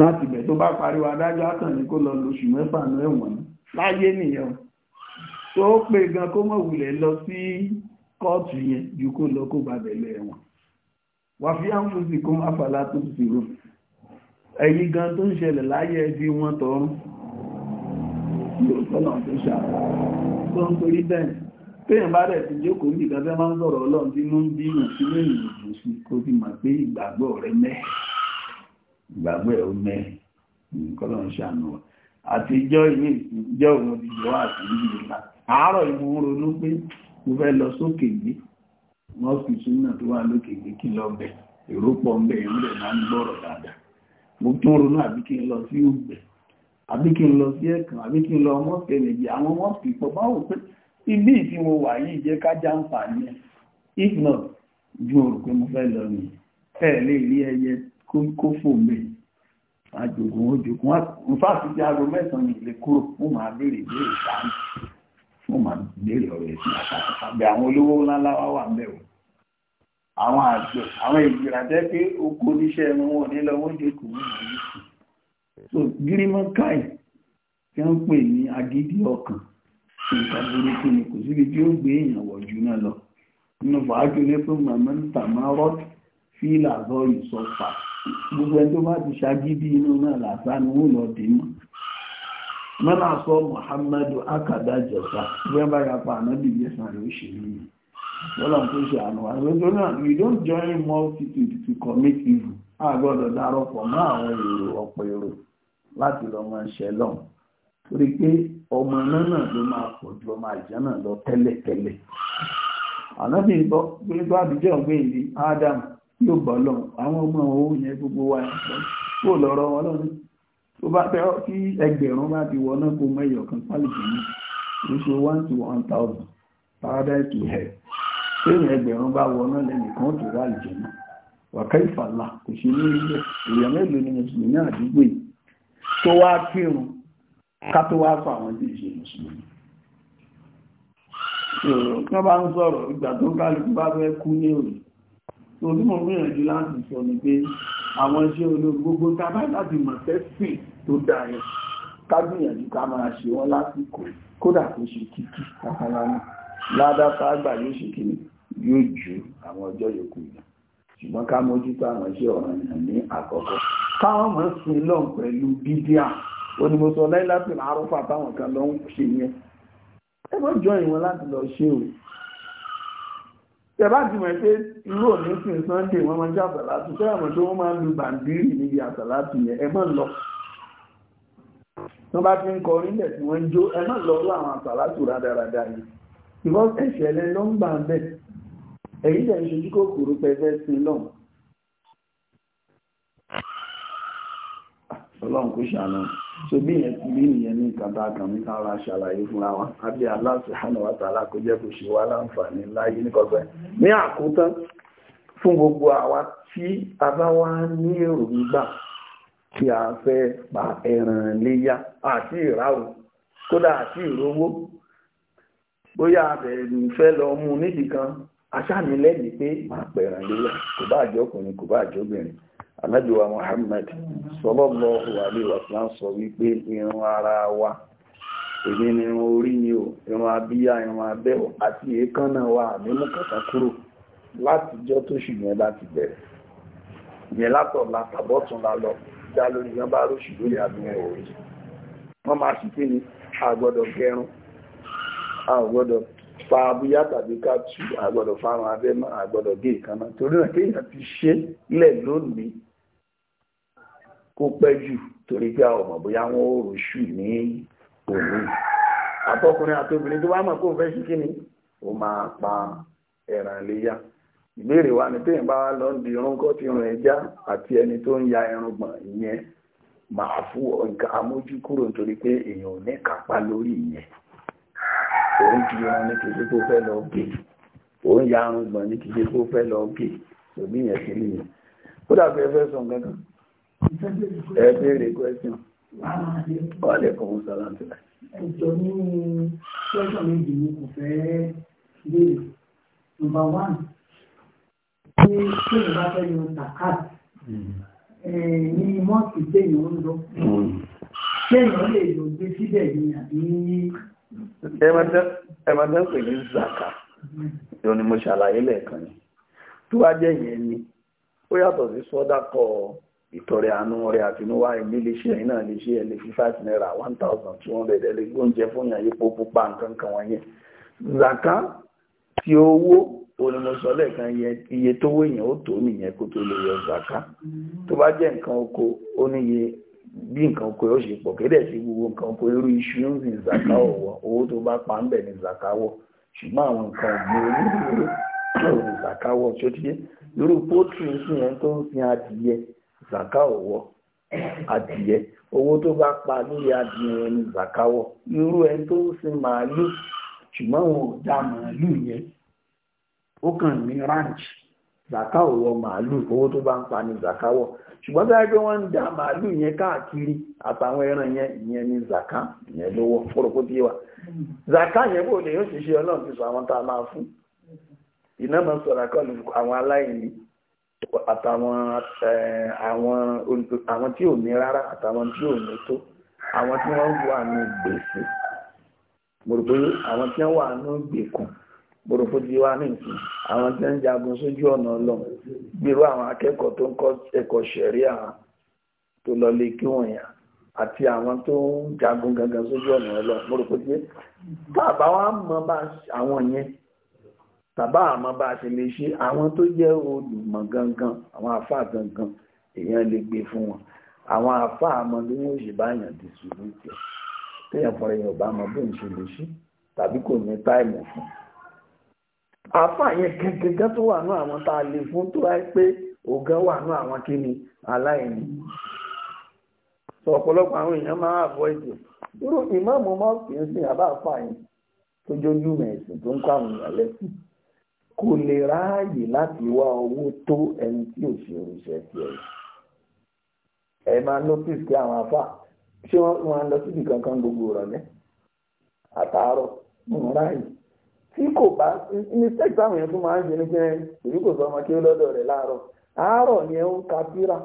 láti bẹ̀ tó bá pariwo adájọ́ àtàn ní kó lọ lóṣù mẹ́fà ní ẹ̀wọ̀n láyé nìyẹn tó pé gan kó mọ̀ wulẹ̀ lọ sí kóòtù yẹn ju kó lọ kó bá bẹ̀ lọ ẹ̀wọ̀n wà fi áńfùsì kó má fàlà tó sì rò èyí gan tó ń ṣẹlẹ̀ láyé ẹbí wọn tọrún yóò tọ́nà tó ṣàrà tó ń torí bẹ́ẹ̀ téèyàn bá rẹ̀ ti jókòó nìkan tẹ́ máa ń sọ̀rọ̀ ọlọ́run tí inú ń bí ìrìn sínú ìrìn òṣì kó ti mà pé ìgbàgbọ́ rẹ̀ mẹ́ẹ̀ ìgbàgbọ́ ẹ̀ ó mẹ́ àti lọ́n ṣàánú ìjọ àti ìlú ìlà àárọ̀ ìwọ̀n ronú pé mo lọ sókè gbé wọ́n fi tó wà lókè gbé kí lọ bẹ̀ èrò pọ̀ ń bẹ̀ ń bẹ̀ máa ń gbọ́rọ̀ dáadáa mo tún ronú àbí kí n lọ sí ògbẹ̀ àbí kí ibi tí mo wà yìí jẹ́ ń fà ní if not kó fò mẹ́ àjògùn òjògùn nfààfì tí aago mẹ́sàn-án ní ilé kúrò fún màá béèrè béèrè sáàmù fún màá béèrè ọ̀rọ̀ ẹ̀sìn àtàkùn àbẹ̀ àwọn olówó ńlá ńlá wà ń bẹ̀ wọ̀ àwọn àgbẹ̀ àwọn ìgbìrà pé oko oníṣẹ́ ẹnu wọn ní lọ́wọ́ ní èkó ní ìlú so gírímọ̀ káì tí wọ́n pè ní agídí ọkàn nǹkan burúkú ni kò síbi tí ó gbé èèyàn wọ̀ jù náà lọ nínú fàájú ní fún màmá ń tà máa rọ́ gbogbo ẹni tó bá ti ṣagídí inú náà làtà ni wọ́n lọ dé mọ́ mọ́nà sọ muhammadu akada jẹta wọ́n bá pa yẹsàn rẹ̀ ó ṣe rí tó ṣe àánú lọ́jọ́ náà we don't join multitude to commit evil a gbọ́dọ̀ mọ́ àwọn èrò ọ̀pọ̀ èrò láti lọ ṣẹ lọ́n torí pé ọmọ náà náà ju ọmọ náà lọ tẹ́lẹ̀tẹ́lẹ̀ yóò bọ̀ lọ́wọ́ àwọn ọmọ òun yẹn gbogbo wa kó lọ́rọ̀ wọn lọ́nà tó bá fẹ́ kí ẹgbẹ̀rún bá ti wọ náà kó mọ ẹyọ kan pálíjì ní oṣù one to one thousand paradise to hell téèyàn ẹgbẹ̀rún bá wọ náà lẹ́nìkan tó wà lìjẹ̀ náà wàkà ìfàlà kò ṣe ní ilé èèyàn mélòó ni mùsùlùmí àdúgbò yìí tó wá kírun ká tó wá fà wọn tí ì ṣe mùsùlùmí tí wọ́n bá ń sọ̀rọ̀ ìgbà tó kálukú bá fẹ́ kú ní òní òbí mọ̀ gbìyànjú láti sọ ní pé àwọn iṣẹ́ ológun gbogbo tàbá láti mọ̀ sẹ́sìn tó dáyẹ ká gbìyànjú ká máa ṣe wọ́n lásìkò kódà kó ṣe kíkí kàkàrà náà ládàtà àgbà yóò ṣe kí yóò ju àwọn ọjọ́ yòókù yìí ṣùgbọ́n ká mójútó àwọn iṣẹ́ ọ̀ràn yàn ní àkọ́kọ́ káwọn mọ̀ sí lọ́n pẹ̀lú bídíà onímọ̀sọ̀ láìláṣẹ̀ àrùfà táwọn kan lọ ń ṣe yẹn ẹ tẹ̀bá ti mọ̀ pé irú òní sí sunday wọ́n máa ń jẹ́ àsàlátù tẹ́lá mọ̀ tó wọ́n máa ń lu bàǹdírì níbi àsàlátù yẹn ẹ má lọ wọ́n bá ti ń kọ orílẹ̀ tí wọ́n ń jó ẹ má lọ lọ àwọn àsàlátù rádaràdà yìí because ẹ̀ṣẹ̀ lẹ́ ló ń gbà bẹ́ẹ̀ èyí tẹ̀ ń ṣojú kòkòrò pẹ̀fẹ́ sí lọ́wọ́ ọlọ́run kò ṣàánú so bí ìyẹn ní kàtà kàmí kára ṣàlàyé fúnra wa àbí Allah subhanahu wa ta'ala ṣe wá láǹfààní láyé ní ní àkótán fún gbogbo àwa tí a bá wá ní gbígbà tí a fẹ́ pa ẹran àti ìráwọ̀ kódà àti ìrówó bóyá fẹ́ lọ mú nídìí kan aṣáàmì lẹ́yìn pé pẹ̀ràn léyà kò anábìwá Muhammad sallallahu alaihi wasallam sọ wípé irun ara wa èmi ni irun orí ni o irun abíyá irun abẹ́ o àti èékánná wa àmímú kankan kúrò látijọ́ tó ṣùgbọ́n láti bẹ̀rẹ̀ ìyẹn látọ̀ látàbọ̀tún la dá lórí yan bá róṣù lórí àdúgbò òwe tàbí ká tú àgbọ́dọ̀ fárun abẹ́mọ́ àgbọ́dọ̀ gé ìkànnà torí náà kéèyàn ti ṣe lẹ̀ lónìí kó pẹ́ jù torí pé a ò mọ̀ bóyá wọ́n ò rò ṣù ní òní àtọkùnrin àtobìnrin tó bá mọ̀ kó fẹ́ sí kí ni ó máa pa ẹran iléyà ìbéèrè wa ni téèyàn bá lọ ń di irun kọ́ ti rìn ẹja àti ẹni tó ń ya irun gbọ̀n ìyẹn máa fún nǹkan amójú kúrò nítorí pé èèyàn ò ní kápá lórí ìyẹn òun di irun ní kìí tó fẹ́ lọ gé òun ya irun gbọ̀n ní kìí tó fẹ́ lọ gé òbí yẹn ti rí yẹn kódà fẹ́ fẹ́ sọ nǹkan kan ẹ béèrè question wọ́n lè kọ́ wọn sọ́lá nílẹ̀. ẹ̀jọ̀ nínú question méjì ni kò fẹ́ béèrè number one ṣé ṣé ìbá fẹ́ yan takat ní mọ́ọ̀sì téèyàn ń lọ téèyàn lè lò gbé síbẹ̀ ní àbí. ẹ máa dán pè ní zaka ìrọ̀ ni mo ṣàlàyé lẹ́ẹ̀kan yìí tó wá jẹ́ yẹn ni ó yàtọ̀ sí sọ́dá kọ́ ìtọrẹ àánú rẹ àtinúwá èmi lè ṣe ẹ̀yin náà lè ṣe ẹ lè one thousand two hundred ẹ lè gbóúnjẹ fún yàn yípo pupa nǹkan kan wọ̀nyẹn zaka ti owó olùmọ̀sọ́lẹ̀ kan yẹ iye tó wé yẹn ó tó nìyẹn kó tó lè yọ zaka tó bá jẹ́ nǹkan oko ó níye bí nǹkan oko yóò ṣe pọ̀ kéde sí gbogbo nǹkan oko irú iṣu ń sin zaka ọ̀wọ̀ owó tó bá pa ń bẹ̀ ní zaka wọ̀ ṣùgbọ́n àwọn nǹkan ọ̀gbìn ní zaka wọ̀ tó ti yé irú pótìrì sí zaka ọ̀wọ́ adìyẹ owó tó bá pa lórí adìyẹ ní zaka wọ̀ irú ẹ tó sin màálù ṣùgbọ́n wọn ò dá màálù yẹn ó kàn ní ranch zaka ọ̀wọ́ màálù owó tó bá ń pa ní zaka wọ̀ ṣùgbọ́n tó yẹ kí wọ́n ń dá màálù yẹn káàkiri àtàwọn ẹran yẹn ìyẹn ní zaka ìyẹn lówó fọ́rọ̀kó tí wà zaka yẹn bò lè yóò ṣiṣẹ́ ọlọ́run ti sọ àwọn tá a máa fún ìnáma sọ̀rọ̀ àkọlù àwọn aláìní àtàwọn eh, àwọn tí ò ní rárá àtàwọn tí ò ní tó àwọn tí wọ́n wà ní gbèsè mo rò pé àwọn tí wọ́n wà ní gbèkùn mo rò pé ti wá ní ìsìn àwọn tí wọ́n jagun sójú ọ̀nà ọlọ́run gbèrú àwọn akẹ́kọ̀ọ́ tó ń kọ́ ẹ̀kọ́ ṣẹ̀ríà tó lọ lé kí wọ̀nyà àti àwọn tó ń jagun gangan sójú ọ̀nà ọlọ́run mo ti bàbá wa mọ bá àwọn yẹn bàbá àmọ́ bá a ṣe lè ṣe àwọn tó jẹ́ olùmọ̀ gangan àwọn àfáà gangan èèyàn lè gbé fún wọn àwọn àfáà àmọ́ bí wọ́n ṣe bá yàn ti sùúrù tẹ̀ téèyàn fúnra yẹn ò bá mọ bóun ṣe lè ṣe tàbí kò ní táìmù fún àfáà yẹn kẹkẹkẹ tó wà ní àwọn tá a lè fún tó wáyé pé ògán wà ní àwọn kíni aláìní sọ ọ̀pọ̀lọpọ̀ àwọn èèyàn máa àbọ̀ ètò irú ìmáàmù mọ́ọ̀kì ń sìn àbá àfáà yẹn tó jójú mẹ̀sìn tó ń kọ́ àwọn ìyàlẹ́sìn kò lè ráàyè láti wá owó tó ẹni tí ò ṣe oríṣẹ́ tiẹ̀. ẹ máa notice pé àwọn afá ṣé wọ́n á lọ síbi kankan gbogbo ìrọ̀lẹ́ àtàárọ̀ wọn ráàyè tí kò bá mistake táwọn èèyàn tún máa ń ṣe ní pé èyí kò sọ ọmọ kí ó lọ́dọ̀ rẹ̀ láàárọ̀ àárọ̀ ni ẹ ń ka síra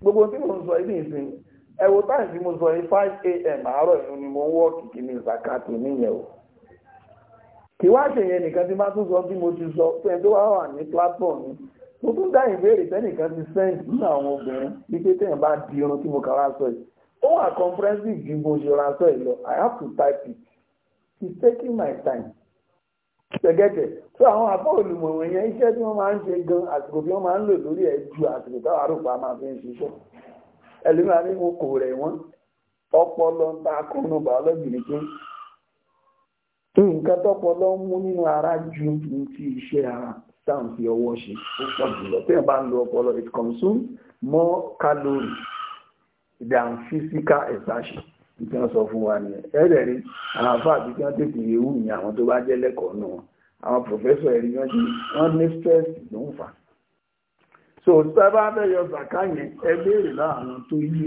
gbogbo tí mo ń sọ ibi ìsìn ẹ wo táyì tí mo sọ yìí five a.m. àárọ̀ ìlú ni mo ń wọ́ọ̀kì kí ni zakato níyẹn o. kì wá ṣèyẹn nìkan tí bá tún sọ bí mo ti sọ fẹ́ tó wá wà ní platform ni mo tún dá ìbéèrè tẹ́nìkan ti send nínú àwọn obìnrin bí pé bá di irun tí mo kà wá sọ yìí ó wà comprehensive ju bó ṣe ra lọ I have to type it he's taking my time gẹ́gẹ́gẹ́ àwọn àbọ̀ olùmọ̀wé yẹn iṣẹ́ tí wọ́n máa ń ṣe gan àsìkò bí wọ́n máa lò lórí ẹ̀ ju àsìkò táwọn arúgbó máa fi ń ṣiṣẹ́ kò rẹ̀ wọ́n ọpọlọ ń nǹkan tọ́pọ̀ lọ mú nínú ara ju ti iṣẹ́ ara táwọn fi ọwọ́ ṣe ó pọ̀ jùlọ tí wọ́n bá ń lo ọpọlọ it consumes more calories than physical exertion tí wọ́n sọ fún wa nìyẹn ẹ̀rẹ̀ rí àwọn afáàbí tí wọ́n tètè ewu ní àwọn tó bá jẹ́ lẹ́kọ̀ọ́ nù wọn àwọn pòfẹ́sọ̀ ẹ̀rí wọ́n ti wọ́n ní stress ló ń fà so sábà bẹ́yọ zaka yẹn ẹ béèrè láwọn tó yé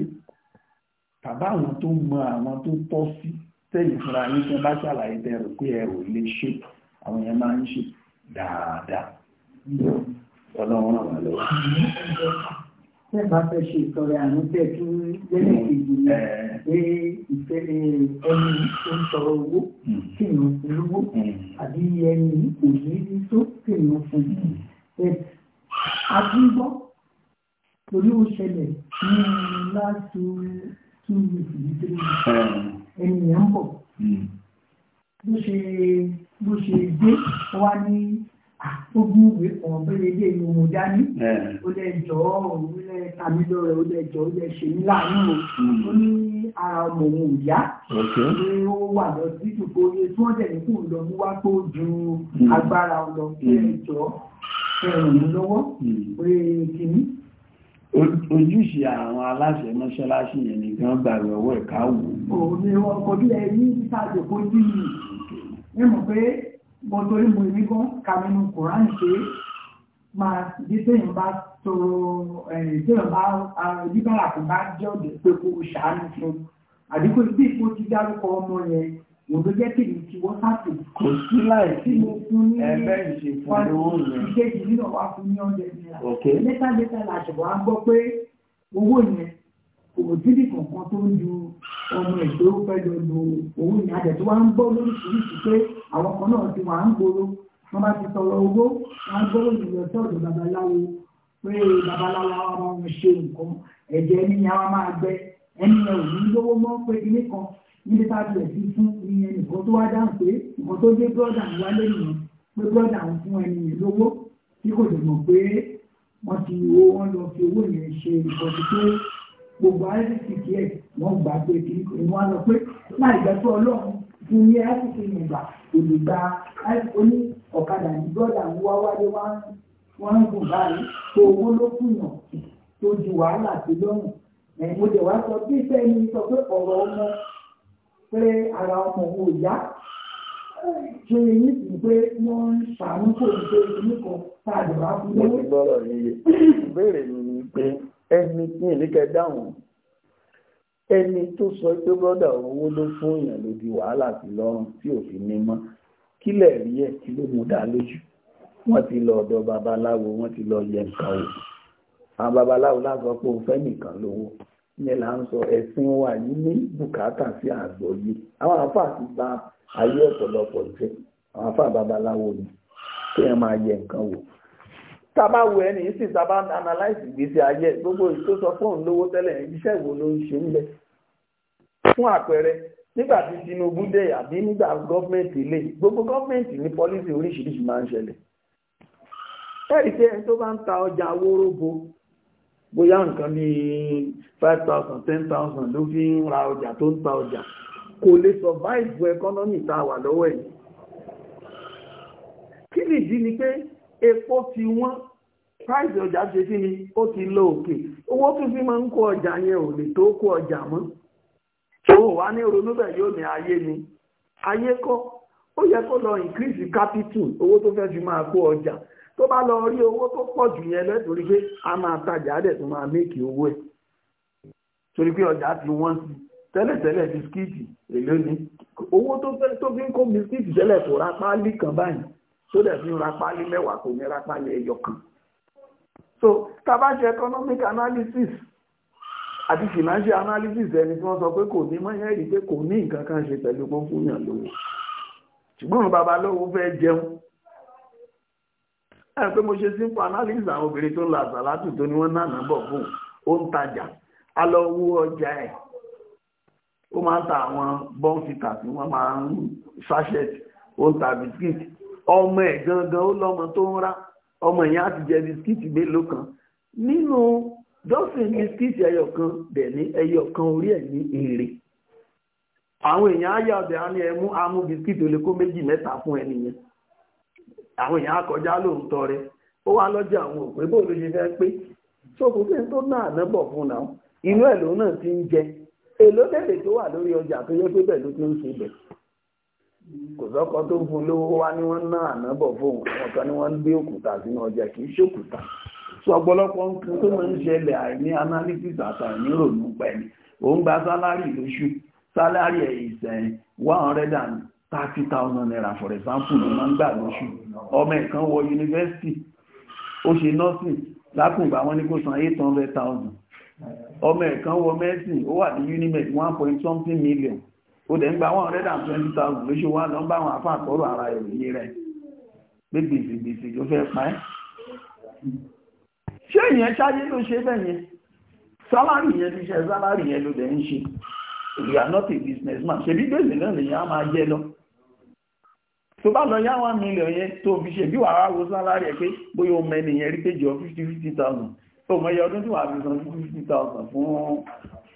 tàbá àwọn tó mọ àwọn tó tọ́ sí tẹ́yìn fúnra yín tẹ́ bá ṣàlàyé tẹ́ rò pé ẹ ò lè ṣe àwọn èèyàn máa ń ṣe dáadáa ọlọ́run ràn wá lọ́wọ́. tẹ́ bá fẹ́ ṣe ìtọrẹ àánú tẹ́ tún lẹ́yìn kejì ní pé ìfẹ́ ẹni tó ń tọrọ owó kí ni ó fún lówó hmm. àbí ẹni kò ní ní tó kí ni ó fún hmm. ẹ àdúgbò torí ó ṣẹlẹ̀ ní láti two weeks three weeks. Hmm ènìyàn ń bọ̀ hmm. bó ṣe bó ṣe dé wá ní ogun ìwé kan bẹ́ẹ̀ dé ní ohun dání eh. ó lẹ jọ ó lẹ tàbí lọ́rẹ̀ ó lẹ jọ ó lẹ ṣe nílà nínú hmm. ó ní ara ọmọ òun ìyá pé ó wà lọ sí ìdìbò iye tí wọ́n dẹ̀ ní lọ mú wá tó ju hmm. agbára lọ kí ẹ jọ lọ́wọ́ pé kìíní ojúṣe àwọn aláṣẹ mọ́ṣáláṣí yẹn nìkan gbàgbé ọwọ́ ẹ̀ka wò. òní wọn kò bí ẹni ìtajò kó jí yìí mímọ̀ pé mo torí mo ní gan kàmínú kòrán ṣe máa bí téèyàn bá toro téèyàn bá bíbára kò bá jẹ́ òde pé kó ṣàánú fún àdínkù bí ipò ti dárúkọ ọmọ yẹn mo ló jẹ́ kéde tí wọ́n sáàtì kò sí láì tí mo fún ní ẹgbẹ́ ìṣèfúnlówó rẹ̀ ìgbéjì nínú wa fún ní ọ̀dẹ̀ náírà lẹ́tà lẹ́tà la ṣùgbọ́n a gbọ́ pé owó yẹn kò dídì kankan tó ń ju ọmọ ìṣòro pẹ̀lú lo owó yẹn àjẹ̀ tó wá ń gbọ́ lóríṣiríṣi pé àwọn kan náà ti wà ń gbòòrò wọ́n bá ti sọ̀rọ̀ owó wọ́n á gbọ́ lórí lọ sọ́ọ̀dọ̀ babaláwo pé babaláwo àwọn ọmọ ṣe nǹkan ẹ̀jẹ̀ ẹni yẹn á máa gbẹ ẹni yẹn ò ní lówó mọ́ pé ilé kan níbi tá a tilẹ̀ ti fún ní ẹnìkan tó wá dáhùn pé nǹkan tó dé brọ́dà ń wá lẹ́yìn pé brọ́dà ń fún ẹni yẹn lówó tí kò lè mọ̀ pé wọ́n ti owó wọn lọ fi owó yẹn ṣe ìkọ̀tí pé gbogbo rctk wọ́n gbà pé kí wọ́n lọ pé láì gbà tó ọlọ́run fún ní rctk ìgbà olùgbà oní ọ̀kadà ní brọ́dà ń wá wálé wọ́n ń gùn báyìí tó owó ló kùnà tó ju wàhálà sí lọ́rùn ẹ̀yìn mo dẹ̀ wá sọ bí sẹ́yìn sọ pé ọ̀rọ̀ ọmọ pé ara ọmọ ò yá ṣe ní ti pé wọ́n ń ṣàánú kò ní pé inú kan táàdì wá fún lọ́wọ́. gbọ́dọ̀ níye ìbéèrè mi ni pé ẹni tí ìníkẹ́ dáhùn ẹni tó sọ pé bọ́dà owó ló fún èèyàn ló di wàhálà sí lọ́rùn tí ò fi ní mọ́ kílẹ̀ rí ẹ̀ kí ló mú dá lójú wọ́n ti lọ ọ̀dọ̀ babaláwo wọ́n ti lọ yẹ nǹkan wò àwọn babaláwo láti fẹ́ nìkan lówó ìyẹn là ń sọ ẹ̀sìn wa yìí ní bùkátà sí àgbọ̀ yìí àwọn àfáà ti ba ayé ọ̀pọ̀lọpọ̀ jẹ́ àwọn àfáà babaláwo ni kí ẹ máa yẹ nǹkan wò tábà wo ẹni sì tábà analyze ìgbésí ayé gbogbo ìtó sọ fóun lówó tẹ́lẹ̀ iṣẹ́ wo ló ń ṣe ń lẹ̀ fún àpẹẹrẹ nígbà tí Tinubu dé àbí nígbà gọ́ọ̀mẹ̀ntì lè gbogbo gọ́ọ̀mẹ̀ntì ní pọ́lísì oríṣiríṣi máa ń ṣẹlẹ̀ ẹ̀rí pé ẹni tó bá ń ta bóyá nǹkan bí 5,000 10,000 ló fi ń ra ọjà tó ń ta ọjà kò lè survive economy tá wà lọ́wọ́ ẹ̀ kí nìdí ni pé epo ti wọ́n price ọjà ṣe kí ni ó ti lọ òkè owó tún fi máa ń kó ọjà yẹn ò lè tó kó ọjà mọ́ òun wá ní ronú bẹ́ẹ̀ yóò ní ayé ni ayé kọ́ ó yẹ kó lọ increase capital owó tó fẹ́ fi máa kó ọjà tó bá lọ rí owó tó pọ̀ jù yẹn lẹ́tòrí pé a máa tajà á dẹ̀ tó máa méèkì owó ẹ̀ torí pé ọjà ti wọ́n sí tẹ́lẹ̀tẹ́lẹ̀ bisikíìtì èlé ni owó tó fi ń kó bisikíìtì tẹ́lẹ̀ kò ra páálí kan báyìí tó dẹ̀ fi ń ra páálí mẹ́wàá kò ní ra páálí ẹyọ kan so tabaṣe economic analysis àti financial analysis ẹni tí wọ́n sọ pé kò ní mọ́yẹ́ rí pé kò ní nǹkan kan ṣe pẹ̀lú pé fún yàn lówó ṣùgbọ́n babaláwo fẹ́ jẹun ẹ̀ pé mo ṣe simple analysis àwọn obìnrin tó ń la àsàlátù tó ní wọ́n nànà bọ̀ fún ó ń tajà a lọ wo ọjà ẹ̀ ó máa ń ta àwọn bọ́ǹfìtà tí wọ́n máa ń sachet ó ń ta biskit ọmọ ẹ̀ gangan ó lọ́mọ tó ń rá ọmọ yẹn á ti jẹ biskit mélòó kan nínú dọ́sìn biskit ẹyọ kan bẹ̀ ní ẹyọ kan orí ẹ̀ ní èrè àwọn èèyàn á yà ọ̀dẹ̀ á ní ẹmú amú biskit olè kó méjì mẹ́ta fún ẹnìyẹn àwọn èèyàn akọjá lóòótọ́ rẹ ó wá lọ́jà àwọn òpin bó ló ṣe fẹ́ pé ṣòkò tó náà nẹ́bọ̀ fún náà inú ẹ̀ náà ti ń jẹ èló tẹ̀lé tó wà lórí ọjà tó yẹ pé bẹ́ẹ̀ ló ti ń ṣe bẹ̀ kò sọ́kọ tó ń fún lówó ní wọ́n náà nẹ́bọ̀ fún àwọn kan ní wọ́n gbé òkúta sínú ọjà kì í ṣòkúta sọ ọ̀pọ̀lọpọ̀ tó máa ń ṣẹlẹ̀ àìní analysis thirty thousand naira for example ló máa ń gbà lóṣù ọmọ ẹ̀kan wọ yunifásitì ó ṣe nursing lákùngbà wọn ní kó san eight hundred thousand ọmọ ẹ̀kan wọ medicine ó wà ní unimed one point something million ó dẹ̀ ń gba one hundred and twenty thousand lóṣù wa lọ ń bá àwọn afá àtọ́rọ̀ ara ẹ̀rọ yìí rẹ̀ pé gbèsè gbèsè ló fẹ́ pa ẹ́ ṣé ìyẹn ṣáyé ló ṣe bẹ́ẹ̀ yẹn sálárì yẹn ti ṣe sálárì yẹn ló dẹ̀ ń ṣe you are not a businessman ṣebí gbèsè náà lèyàn á máa jẹ lọ tó bá lọ yá one million yẹn tó fi ṣebí wàá wo sálárì ẹ pé bóyá o mẹ́ni yẹn rí péjọ fifty fifty thousand tó mọ iye ọdún tí wàá fi san fifty thousand fún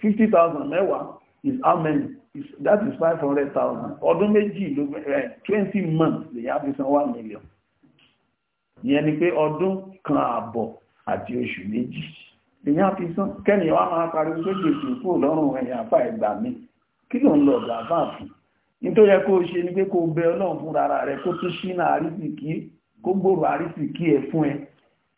fifty thousand mẹ́wàá is how many is that is five hundred thousand ọdún méjì ló eh, twenty months lèyàn á fi san one million ìyẹn ni pé ọdún kan ààbọ̀ àti oṣù méjì èyàn fi sán kẹ́ni wá máa parí sókè sí kúrò lọ́rùn ẹ̀yà àpá ẹ̀gbà mi kí ló ń lọ ọ̀gá fáàfin nítorí yẹ kó ṣe ni pé kó bẹ ọlọ́run fúnra rẹ kó tún ṣínà àrísìkí kó gbòòrò àrísìkí ẹ fún ẹ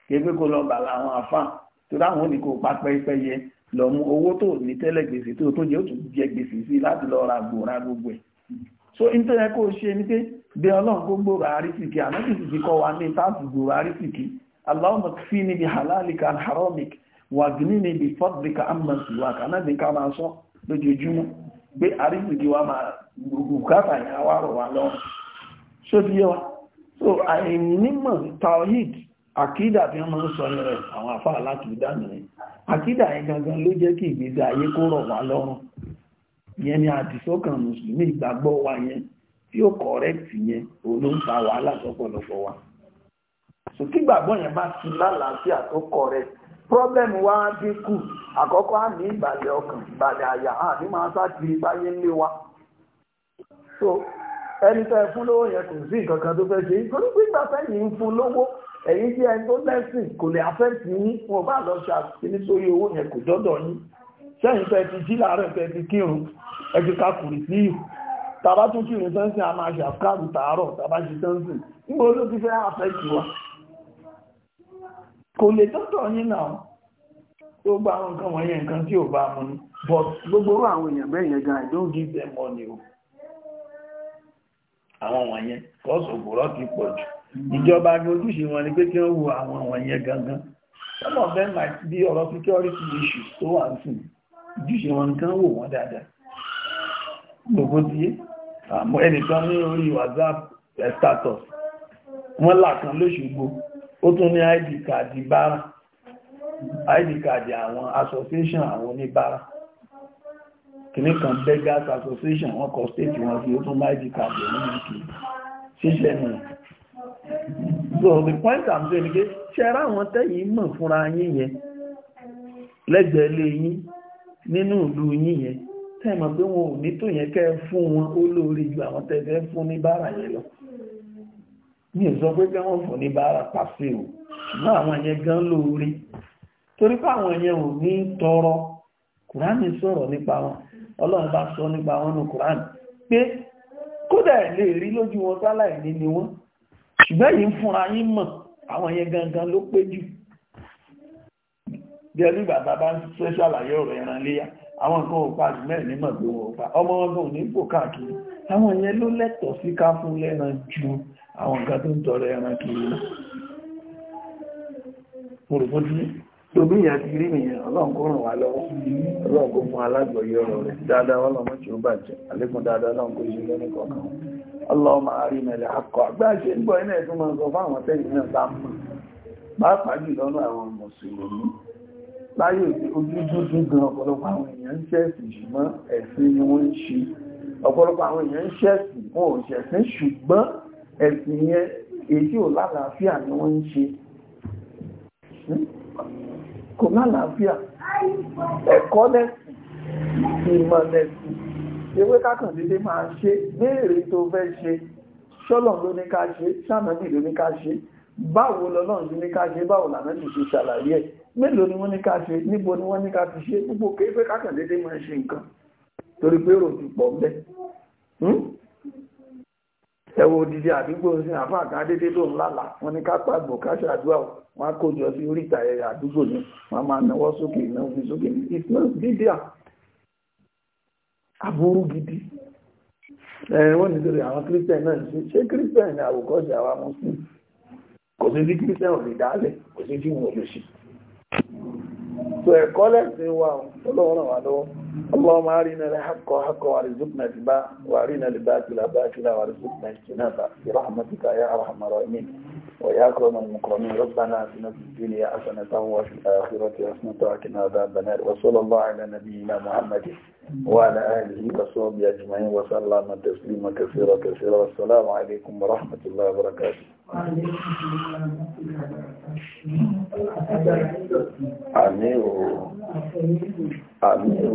kéwé kó lọ bà láwọn afá tó dáhùn ní kó pa pẹ́ẹ́pẹ́yẹ lọ mú owó tó ní tẹ́lẹ̀ gbèsè tó tó jẹ́ ó tún jẹ gbèsè sí láti lọ ra gbòòrà gbogbo ẹ̀ so nítorí yẹ kó ṣe ni pé bẹ ọlọ́run kó gbòòrò àrísìkí àmọ́ kìsìkí kọ́ wa ní táàbù gbòòrò àrísìkí Allahumma kfini bi halalika an haramika wàgíní ni bí fọ́dìkà àmà síwáka náà ní ká máa sọ lójoojúmọ́ pé àríṣìkí wa máa gbogbo káàkà yà wà rọ̀ wà ṣó ti yẹ wa so àìnímọ̀ tawhid àkídà tí wọ́n máa ń sọ rẹ̀ àwọn afá alákìídà nìyẹn àkídà yẹn gangan ló jẹ́ kí ìgbésí ayé kó rọ̀ wá lọ́rùn ìyẹn ni àdìsọ́kàn mùsùlùmí ìgbàgbọ́ wa yẹn tí ó kọ̀rẹ́tì yẹn òun wàhálà sọ́pọ̀lọpọ̀ wa so kí gbàgbọ́ yẹn bá ti lálàáfíà tó kọ̀rẹ́tì problem wa dínkù àkọ́kọ́ á ní ìbàlẹ̀ ọkàn ìbàlẹ̀ àyà á ní máa sáàkiri báyé ńlé wa so ẹni tẹ́ fún lówó yẹn kò sí nǹkan kan tó fẹ́ ṣe nítorí gbígbà sẹ́yìn ń fún lówó ẹ̀yin jẹ́ ẹni tó lẹ́sìn kò lè affect yín wọn ò bá lọ ṣàkóso nítorí owó yẹn kò dọ́dọ̀ yín sẹ́yìn tẹ́ ti jí láàárọ̀ tẹ́ ti kírun ẹ ti ka kùrì sí ìhù tàbá tún kírun sẹ́ńsìn a máa ṣàkárù tààrọ̀ tàbá ṣe sẹ́ńsìn nígbà kò lè tọ́tọ̀ yín náà gbogbo àwọn nǹkan wọ̀nyẹn nǹkan tí ò bá mú ní but gbogbo àwọn èèyàn bẹ́ẹ̀ yẹn gan I don't give them money o àwọn wọ̀nyẹn kọ́sù ògbòrọ̀ ti pọ̀ jù mm-hmm. ìjọba ní ojúṣe wọn ni pé kí wọ́n wo àwọn wọ̀nyẹn gangan some of them might be ọ̀rọ̀ security issues tó wà ń sìn ojúṣe wọn nǹkan wò wọ́n dáadáa gbogbo ti yé àmọ́ ẹnìkan ní orí WhatsApp eh, status wọ́n là kan lóṣogbo ó tún ní id card bára id card àwọn association àwọn oníbára kìnnì kan beggars association wọn kọ state wọn sí ó tún ní id card òun ní kì í ṣíṣẹ́ so the point i'm saying is ṣe ara àwọn tẹ́yìn mọ̀ fúnra yín yẹn lẹ́gbẹ̀ẹ́ lé yín nínú ìlú yín yẹn tẹ́mọ̀ pé wọn ò ní tó yẹn kẹ́ fún wọn ó lóore ju àwọn tẹ́fẹ́ fún ní bára yẹn lọ mi ò sọ pé kí wọ́n fún ní bára pàṣẹ o ṣùgbọ́n àwọn yẹn gan lóore torí pé àwọn yẹn ò ní tọrọ kùránì sọ̀rọ̀ nípa wọn ọlọ́run bá sọ nípa wọn nù kùránì pé kódà lè rí lójú wọn sáláì ní ni wọn ṣùgbọ́n yìí ń fúnra yín mọ̀ àwọn yẹn gangan ló pé jù bí ẹni bàbá bá ń ṣe ṣàlàyé ọ̀rọ̀ ẹran léyà àwọn nǹkan ò pa jù mẹ́rin nímọ̀ pé wọn ọmọ ọgbọ̀n ní pò káàkiri àwọn yẹn ló lẹ́tọ̀ọ́ sí ká fún lẹ́ran ju àwọn nǹkan tó ń tọrọ ẹran kiri náà mọ̀rọ̀fọ́dí tóbi ìyà ti rí nìyàn ọlọ́run kó ràn wá lọ́wọ́ ọlọ́run kó fún alágbọ̀yé ọ̀rọ̀ rẹ̀ dáadáa ọlọ́run tí ó bàjẹ́ àlékún dáadáa ọlọ́run kó ṣe lẹ́nu kọ̀ọ̀kan ọlọ́run máa rí mẹ́lẹ̀ akọ̀ àgbáṣe ń gbọ́ iná ẹ̀tún máa ń sọ fáwọn tẹ́lẹ̀ náà bá mọ̀ pàápàá jù lọ́nà àwọn mùsùlùmí ọ̀pọ̀lọpọ̀ àwọn èèyàn ń ṣẹ̀sìn ṣùgbọ́n ẹ̀sìn ṣùgbọ́n ẹ̀sìn yẹn èyí ò lálàáfíà ni wọ́n ń ṣe hmm? kò lálàáfíà ẹ̀kọ́ lẹ́sìn ìmọ̀ lẹ́sìn ewé kákàndínlé máa ṣe béèrè tó fẹ́ ṣe ṣọ́lọ̀ ló ní ká ṣe ṣànàbì ló ní ká ṣe báwo lọ́lọ́run sí ní ká ṣe báwo lànàbì ṣe ṣàlàyé ẹ̀ mélòó ni wọ́n ní ká ṣe níbo ni wọ́n ní ká ti ṣe gbogbo kéfẹ́ kákàndínlé máa ṣe nǹkan torí pé rò pọ̀ bẹ́ẹ̀ hmm? ẹwọ odidi àdúgbò sí àfáà kan dédé ló ń lálà wọn ní ká pàgbò ká ṣàdúrà wọn á kójọ sí oríta ẹ̀yà àdúgbò ni wọn máa náwó sókè náà fi sókè ní ìsúná dídí à aburú gidi ẹ̀wọ́n nítorí àwọn kírísítẹ̀ náà ṣe ṣé kírísítẹ̀ ní àwòkọ́ṣe àwa muslim kò sí sí kírísítẹ̀ ò lè dálẹ̀ kò sí sí wọn ò lè ṣe tó ẹ̀kọ́ lẹ́sìn wa ọlọ́wọ́ náà wà اللهم أرنا الحق حقا وارزقنا اتباعه وأرنا الباطل باطلا وارزقنا اجتنابه برحمتك يا أرحم الراحمين ويا أكرم المكرمين ربنا آتنا في الدنيا حسنة وفي الآخرة حسنة وقنا عذاب النار وصلى الله على نبينا محمد وعلى آله وصحبه أجمعين وسلم تسليما كثيرا كثيرا والسلام عليكم ورحمة الله وبركاته. Amém. آمين